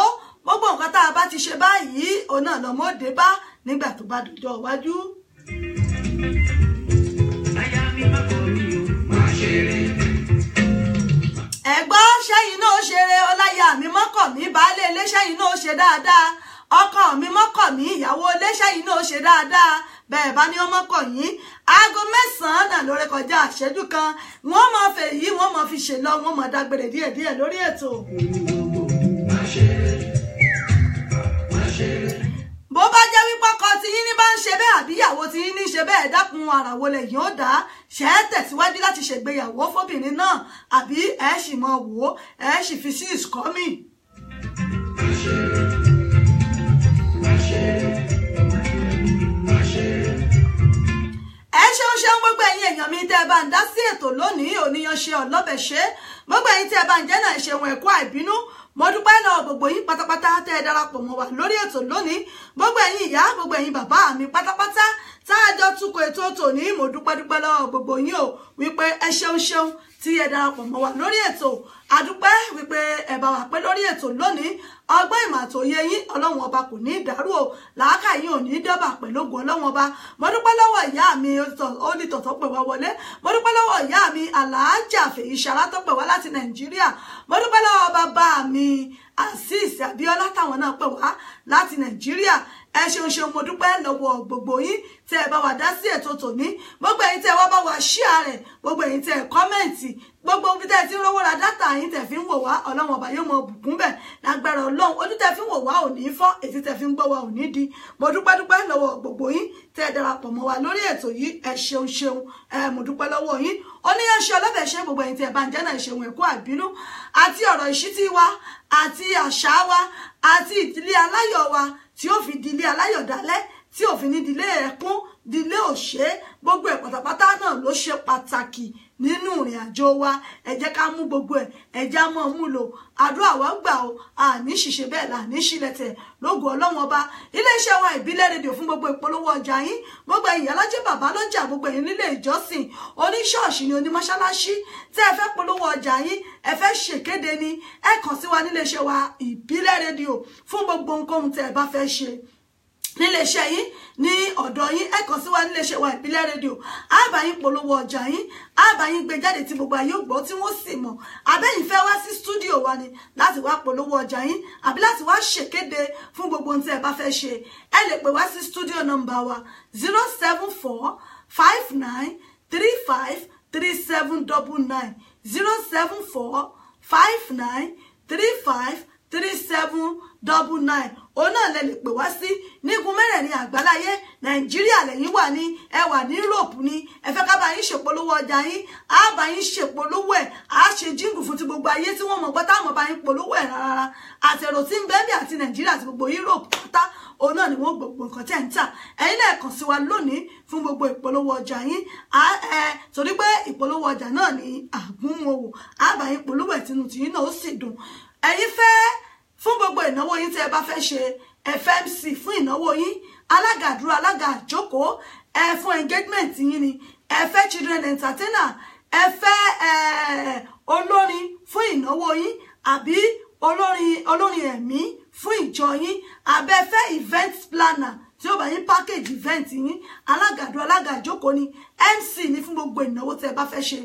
gbogbo nǹkan tá a bá ti ṣe báyìí òun náà lọ́mọ òde bá nígbà tó bá dọjọ́ iwájú. ẹ̀gbọ́n ṣẹ́yìn náà ṣeré ọláyà mi mọ́kọ̀ mi baálé ilé ṣẹ́yìn náà ṣe dáadáa ọkọ mi mọ́kọ mi ìyàwó iléeṣẹ́ yìí náà ṣe dáadáa bẹ́ẹ̀ bá ní ọmọ kọ̀ yín aago mẹ́sàn-án náà ló rékọjá àṣẹ́jú kan wọ́n mọ fẹ́ yìí wọ́n mọ fi ṣe lọ wọ́n mọ dágbére díẹ̀díẹ̀ lórí ètò. bó bá jẹ́ wípé ọkọ tí yín ní bá ń ṣe bẹ́ẹ̀ àbí ìyàwó tí yín ní ṣe bẹ́ẹ̀ dákun àràwọ lẹ̀ yìí ó dá ṣe é tẹ̀síwájú láti ṣègbéyàwó fóbìnrin náà àbí ẹ̀ ṣì mọ̀ wò ó ẹ̀ ṣì fi sí ìsúkọ́mì. ṣe ń gbogbo ẹ̀yin èèyàn mi tẹ́ ẹ bá ń dá sí ètò lónìí òníyanṣe ọ̀lọ́bẹ̀ṣe gbogbo ẹ̀yin tẹ́ ẹ bá ń jẹ́ náà ìṣẹ̀wọ̀n ẹ̀kọ́ àìbínú mo dúpẹ́ lọ́wọ́ gbogbo yín pátápátá tẹ́ ẹ darapọ̀ mọ́ wa lórí ètò lónìí gbogbo ẹ̀yin ìyá gbogbo ẹ̀yin bàbá mi pátápátá tá a jọ tukọ̀ ètò tòní mo dúpẹ́ dúpẹ́ lọ́wọ́ gbogbo yín o wípé ẹ ṣeun ṣeun tí ẹ darapọ̀ mọ́ wa lórí ètò àdúpẹ́ wípé ẹ bá wa pẹ́ lórí ètò lónìí ọgbọ́n ìmọ̀ àtòye yín ọlọ́run ọba kò ní ìdárú o làákà yín ò ní dọ́bà pẹ̀lú ọlọ́run ọba mo lọ́wọ́ ìyá mi ó ní tọ̀tọ̀ pè wá wọlé mo lọ́wọ́ ìyá mi àlàájà fèyí ṣara tó pè wá láti nàìjíríà mo lọ́wọ́ bàbá mi azeez abiola táwọn náà pè wá láti nàìjíríà ẹ ṣeun ṣeun mo dúpẹ́ lọ́wọ́ gbogbo yín tẹ́ ẹ bá wa dá sí ètò tòní gbogbo ẹ̀yin tẹ́ ẹ wá bá wa ṣíà rẹ̀ gbogbo ẹ̀yin tẹ́ ẹ kọ́mẹ̀ǹtì gbogbo ibi tẹ́ ẹ ti ń rówó ra dátà yín tẹ́ fi ń wò wá ọlọ́run ọba yóò mọ bùkún bẹ̀ lágbára ọlọ́run ojú tẹ́ fi ń wò wá ò ní fọ́ ètí tẹ́ fi ń gbọ́ wa ò ní di mo dúpẹ́ dúpẹ́ lọ́wọ́ gbogbo yín tẹ́ ẹ darapọ̀ mọ́ wa lórí ètò yìí ẹ ṣeun ṣeun ẹ mo dúpẹ́ lọ́wọ́ yín oníyanṣẹ́ ọlọ́bẹ̀ ṣe gbogbo ẹ̀yin tẹ́ ẹ bá ń jẹ́ náà ṣeun ẹ̀kọ́ àbínú àti ọ̀rọ̀ ìṣítí wa àti àṣà wa àti ìdílé aláyọ̀ wa tí ó fi dilé aláyọ̀dálẹ́ tí ò fi ní dilé ẹ̀kún dilé òṣè gbogbo ẹ̀ pátápátá náà ló ṣe pàtàkì nínú ìrìn àjò wa ẹ jẹ́ ká mú gbogbo ẹ̀ ẹ já mọ́ mú lò àdúrà wa gbà ó àní ṣìṣe bẹ́ẹ̀ là ní ṣílẹ̀tẹ̀ lógo ọlọ́wọ́n ọba iléeṣẹ́ wa ìbílẹ̀ rédíò fún gbogbo ìpolówó ọjà yín gbogbo ẹ̀yin alájẹ́ bàbá lọ́jà gbogbo ẹ̀yin nílé ìjọsìn oníṣọ́ọ̀ṣì ni onímọ́ṣáláṣí tẹ́ ẹ fẹ́ polówó ọjà yín ẹ fẹ́ ṣèkéde ni ẹ kàn sí wa níléeṣẹ́ wa ìbílẹ̀ rédíò fún gbogbo ohunkóhun tẹ́ ẹ bá fẹ́ ṣe níléeṣẹ́ yín ní ọ̀dọ̀ yín ẹ kàn sí wa níléeṣẹ́ wa ìbílẹ̀ rédíò a bá yín polówó ọjà yín a bá yín gbé jáde tí gbogbo ayé gbọ́ tí wọ́n sì mọ̀ abẹ́yìn fẹ́ wá sí stúdíò wa ni láti wá polówó ọjà yín àbí láti wá ṣèkéde fún gbogbo ohun tí ẹ bá fẹ́ ṣe ẹ lè pè wá sí stúdíò nọ́mbà wa zero seven four five nine three five three seven double nine zero seven four five nine three five three seven double nine òun náà lè lè pè wá sí nígun mẹ́rẹ̀ẹ̀rin àgbáláyé nàìjíríà lẹ́yìn wà ní ẹ ní europe ni ẹ fẹ́ ká bá yín ṣèpolówó ọjà yín á bá yín ṣèpolówó ẹ̀ á ṣe jíǹgù fún ti gbogbo ayé tí wọ́n mọ̀ gbọ́ táwọn bá yín polówó ẹ̀ rárá àtẹ̀rò tí ń bẹ́ẹ̀bì àti nàìjíríà àti gbogbo europe pátá òun náà ni wọ́n gbogbo nǹkan tẹ̀ ń tà ẹ̀yin náà kàn sí wa lónìí fún gbogbo ìpolówó ọjà yín torí pé ìpolówó ọjà náà ni àgúnmọ̀wò á bá yín polówó ẹ̀ tinú tìyín náà ó sì dùn ẹ̀yin fẹ́ fún gbogbo ìnáwó yín tí ẹ bá fẹ́ ṣe FMC fún ìnáwó yín alága àdúrà alága àjókòó ẹ fún engagement yín ni ẹ fẹ́ children entertainer ẹ fẹ́ olórin fún ìnáwó yín àbí olórin olórin ẹ̀mí fún ìjọ yín abẹ́fẹ́ event planner tí ó bá yín package event yín alágàdo alágàjókòó ni MC ní fún gbogbo ìnáwó tẹ́ ẹ bá fẹ́ ṣe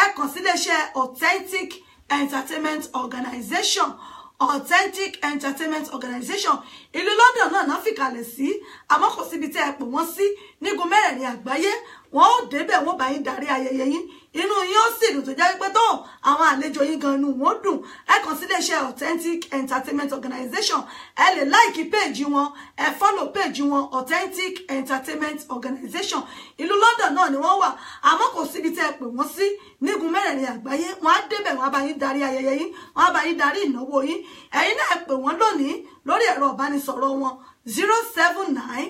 ẹ kàn sí iléeṣẹ́ authentic entertainment organization authentic entertainment organization ìlú London náà náà fìkàlẹ̀ sí àmọ́ kò síbi tẹ́ ẹ pè wọ́n sí nígun mẹ́rẹ̀ẹ̀rin àgbáyé wọ́n ó débẹ̀ wọ́n bá yín darí ayẹyẹ yín inú yín ó sì dùn tó jẹ́ pé tó àwọn àlejò yín gan inú wọn dùn ẹ kàn sí iléeṣẹ́ authentic entertainment organization ẹ lè láìkí péèjì wọn ẹ fọ́lò péèjì wọn authentic entertainment organization ìlú London náà ni wọ́n wà àmọ́ kò síbi tẹ́ ẹ pè wọ́n sí nígun mẹ́rẹ̀ẹ̀rin àgbáyé wọ́n á débẹ̀ wọ́n á bá yín darí ayẹyẹ yín wọ́n á bá yín darí ìnáwó yín ẹ̀yin náà ẹ pè wọ́n lónìí lórí ẹ̀rọ ìbánisọ̀rọ̀ wọn zero seven nine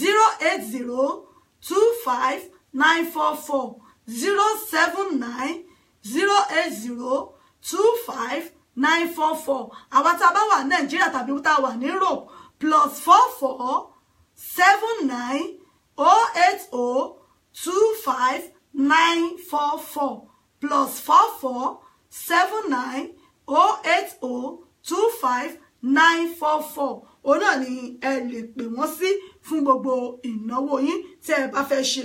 zero eight zero two five nine four four zero seven nine zero eight zero two five nine four four àwa tá a bá wà nàìjíríà tàbí tá a wà ní europe plus four four seven nine oh eight oh two five nine four four plus four four seven nine oh eight oh two five nine four four òun náà ni ẹ lè pè wọ́n sí fún gbogbo ìnáwó yín tí ẹ bá fẹ́ ṣe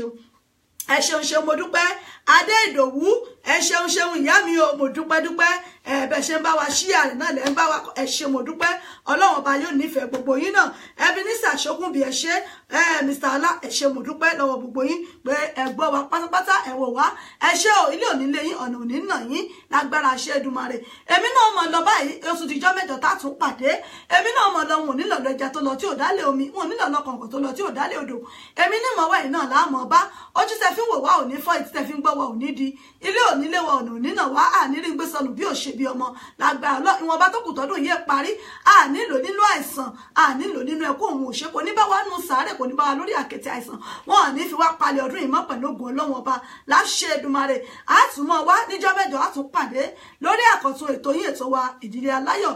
ẹ ṣeun ṣeun mo dúpẹ́ adé ìdòwú ẹ ṣeun ṣeun ìyá mi o mo dúpẹ́ dúpẹ́ ẹ̀bẹ̀ ṣe ń bá wa ṣíà rẹ̀ náà lẹ́ ń bá wa ẹ ṣé mo dúpẹ́ ọlọ́run ọba yóò nífẹ̀ẹ́ gbogbo yín náà Ebenezer Ṣógúnbí ẹ ṣé Mr. Ọlá ẹ ṣé mo dúpẹ́ lọ́wọ́ gbogbo yín pé ẹ gbọ́ wa pátápátá ẹ wò wá ẹ ṣé o ilé òní lé yín ọ̀nà òní nà yín lágbára ṣe Èdùmàrè èmi náà mọ̀ lọ báyìí oṣù tíjọ́ mẹ́jọ tá tún pàdé èmi náà mọ̀ lọ wọn ò nílò ẹja tó lọ tí ò dálé omi wọn ò nílò ọlọ́kọ̀ọ̀kan tó lọ tí ò dálé odò èmi ní mọ̀ wáyìí náà láàmọ̀ bá ojú tẹ òní fọ́ ìtí wa òní di ilé òní lé wa bí ọmọ lágbà ìwọ̀nba tó kù tọ́dún yìí parí a nílò nínú àìsàn a nílò nínú ẹkọ òun òṣè kò ní bá wa nù sàárè kò ní bá wa lórí àkẹtẹ àìsàn wọn ò ní fi wá palẹ̀ ọdún yìí mọ́ pẹ̀lú ògùn ọlọ́wọ́n ọba láṣẹ Èdùmàrè àtúmọ̀ wá níjọ́ mẹ́jọ àtúpàdé lórí àkọ́tún ètò yìí ètò wa ìdílé aláyọ̀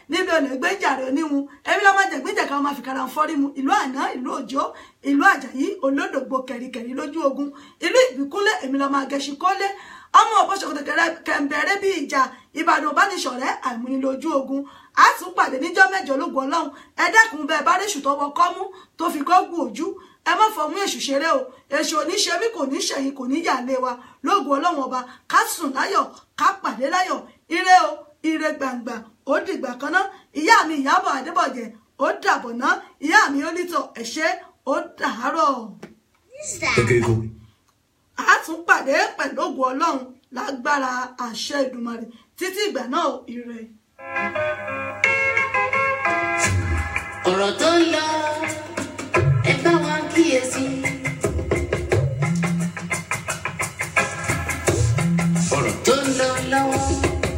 níbi òní gbéjàre oníhun èmi lọ́mọ jẹ̀gbíjẹ̀ kan máa fi kara fọ́rí mu ìlú àná ìlú òjò ìlú àjàyí olódògbò kẹ̀ríkẹ̀rí lójú ogun ìlú ìbíkúnlé èmi lọ́mọ agẹṣin kọ́lé ọmọ òbóṣokòtò kẹ̀ǹbẹ̀rẹ̀ bíi ìjà ìbàdàn òbánisọ̀rẹ́ àìmúnilójú ogun a tún pàdé níjọ́ mẹ́jọ lógun ọlọ́run ẹ dẹ́kun bẹ́ẹ̀ bá réṣù tọwọ́ kọ́mú tó fi kọ́gùn òjú ẹ má fọmú èṣù ṣeré o èṣù oníṣe bí kò ní ṣẹ̀yìn kò ní yàlé wa lógun ọlọ́run ọba ká sùn láyọ̀ ká pàdé láyọ̀ ire o ire gbàǹgbà ó dìgbà kan náà ìyá mi ìyábọ̀ adébọ̀jẹ̀ ó dàbọ̀ ná ìyá mi ó nítọ̀ ẹ̀ṣẹ́ ó dàárọ̀. a tún pàdé pẹ̀lú ọlọ́run lágbára àṣẹ ìdùmarè títí ìgbà náà ire. ọ̀rọ̀ tó ń lọ.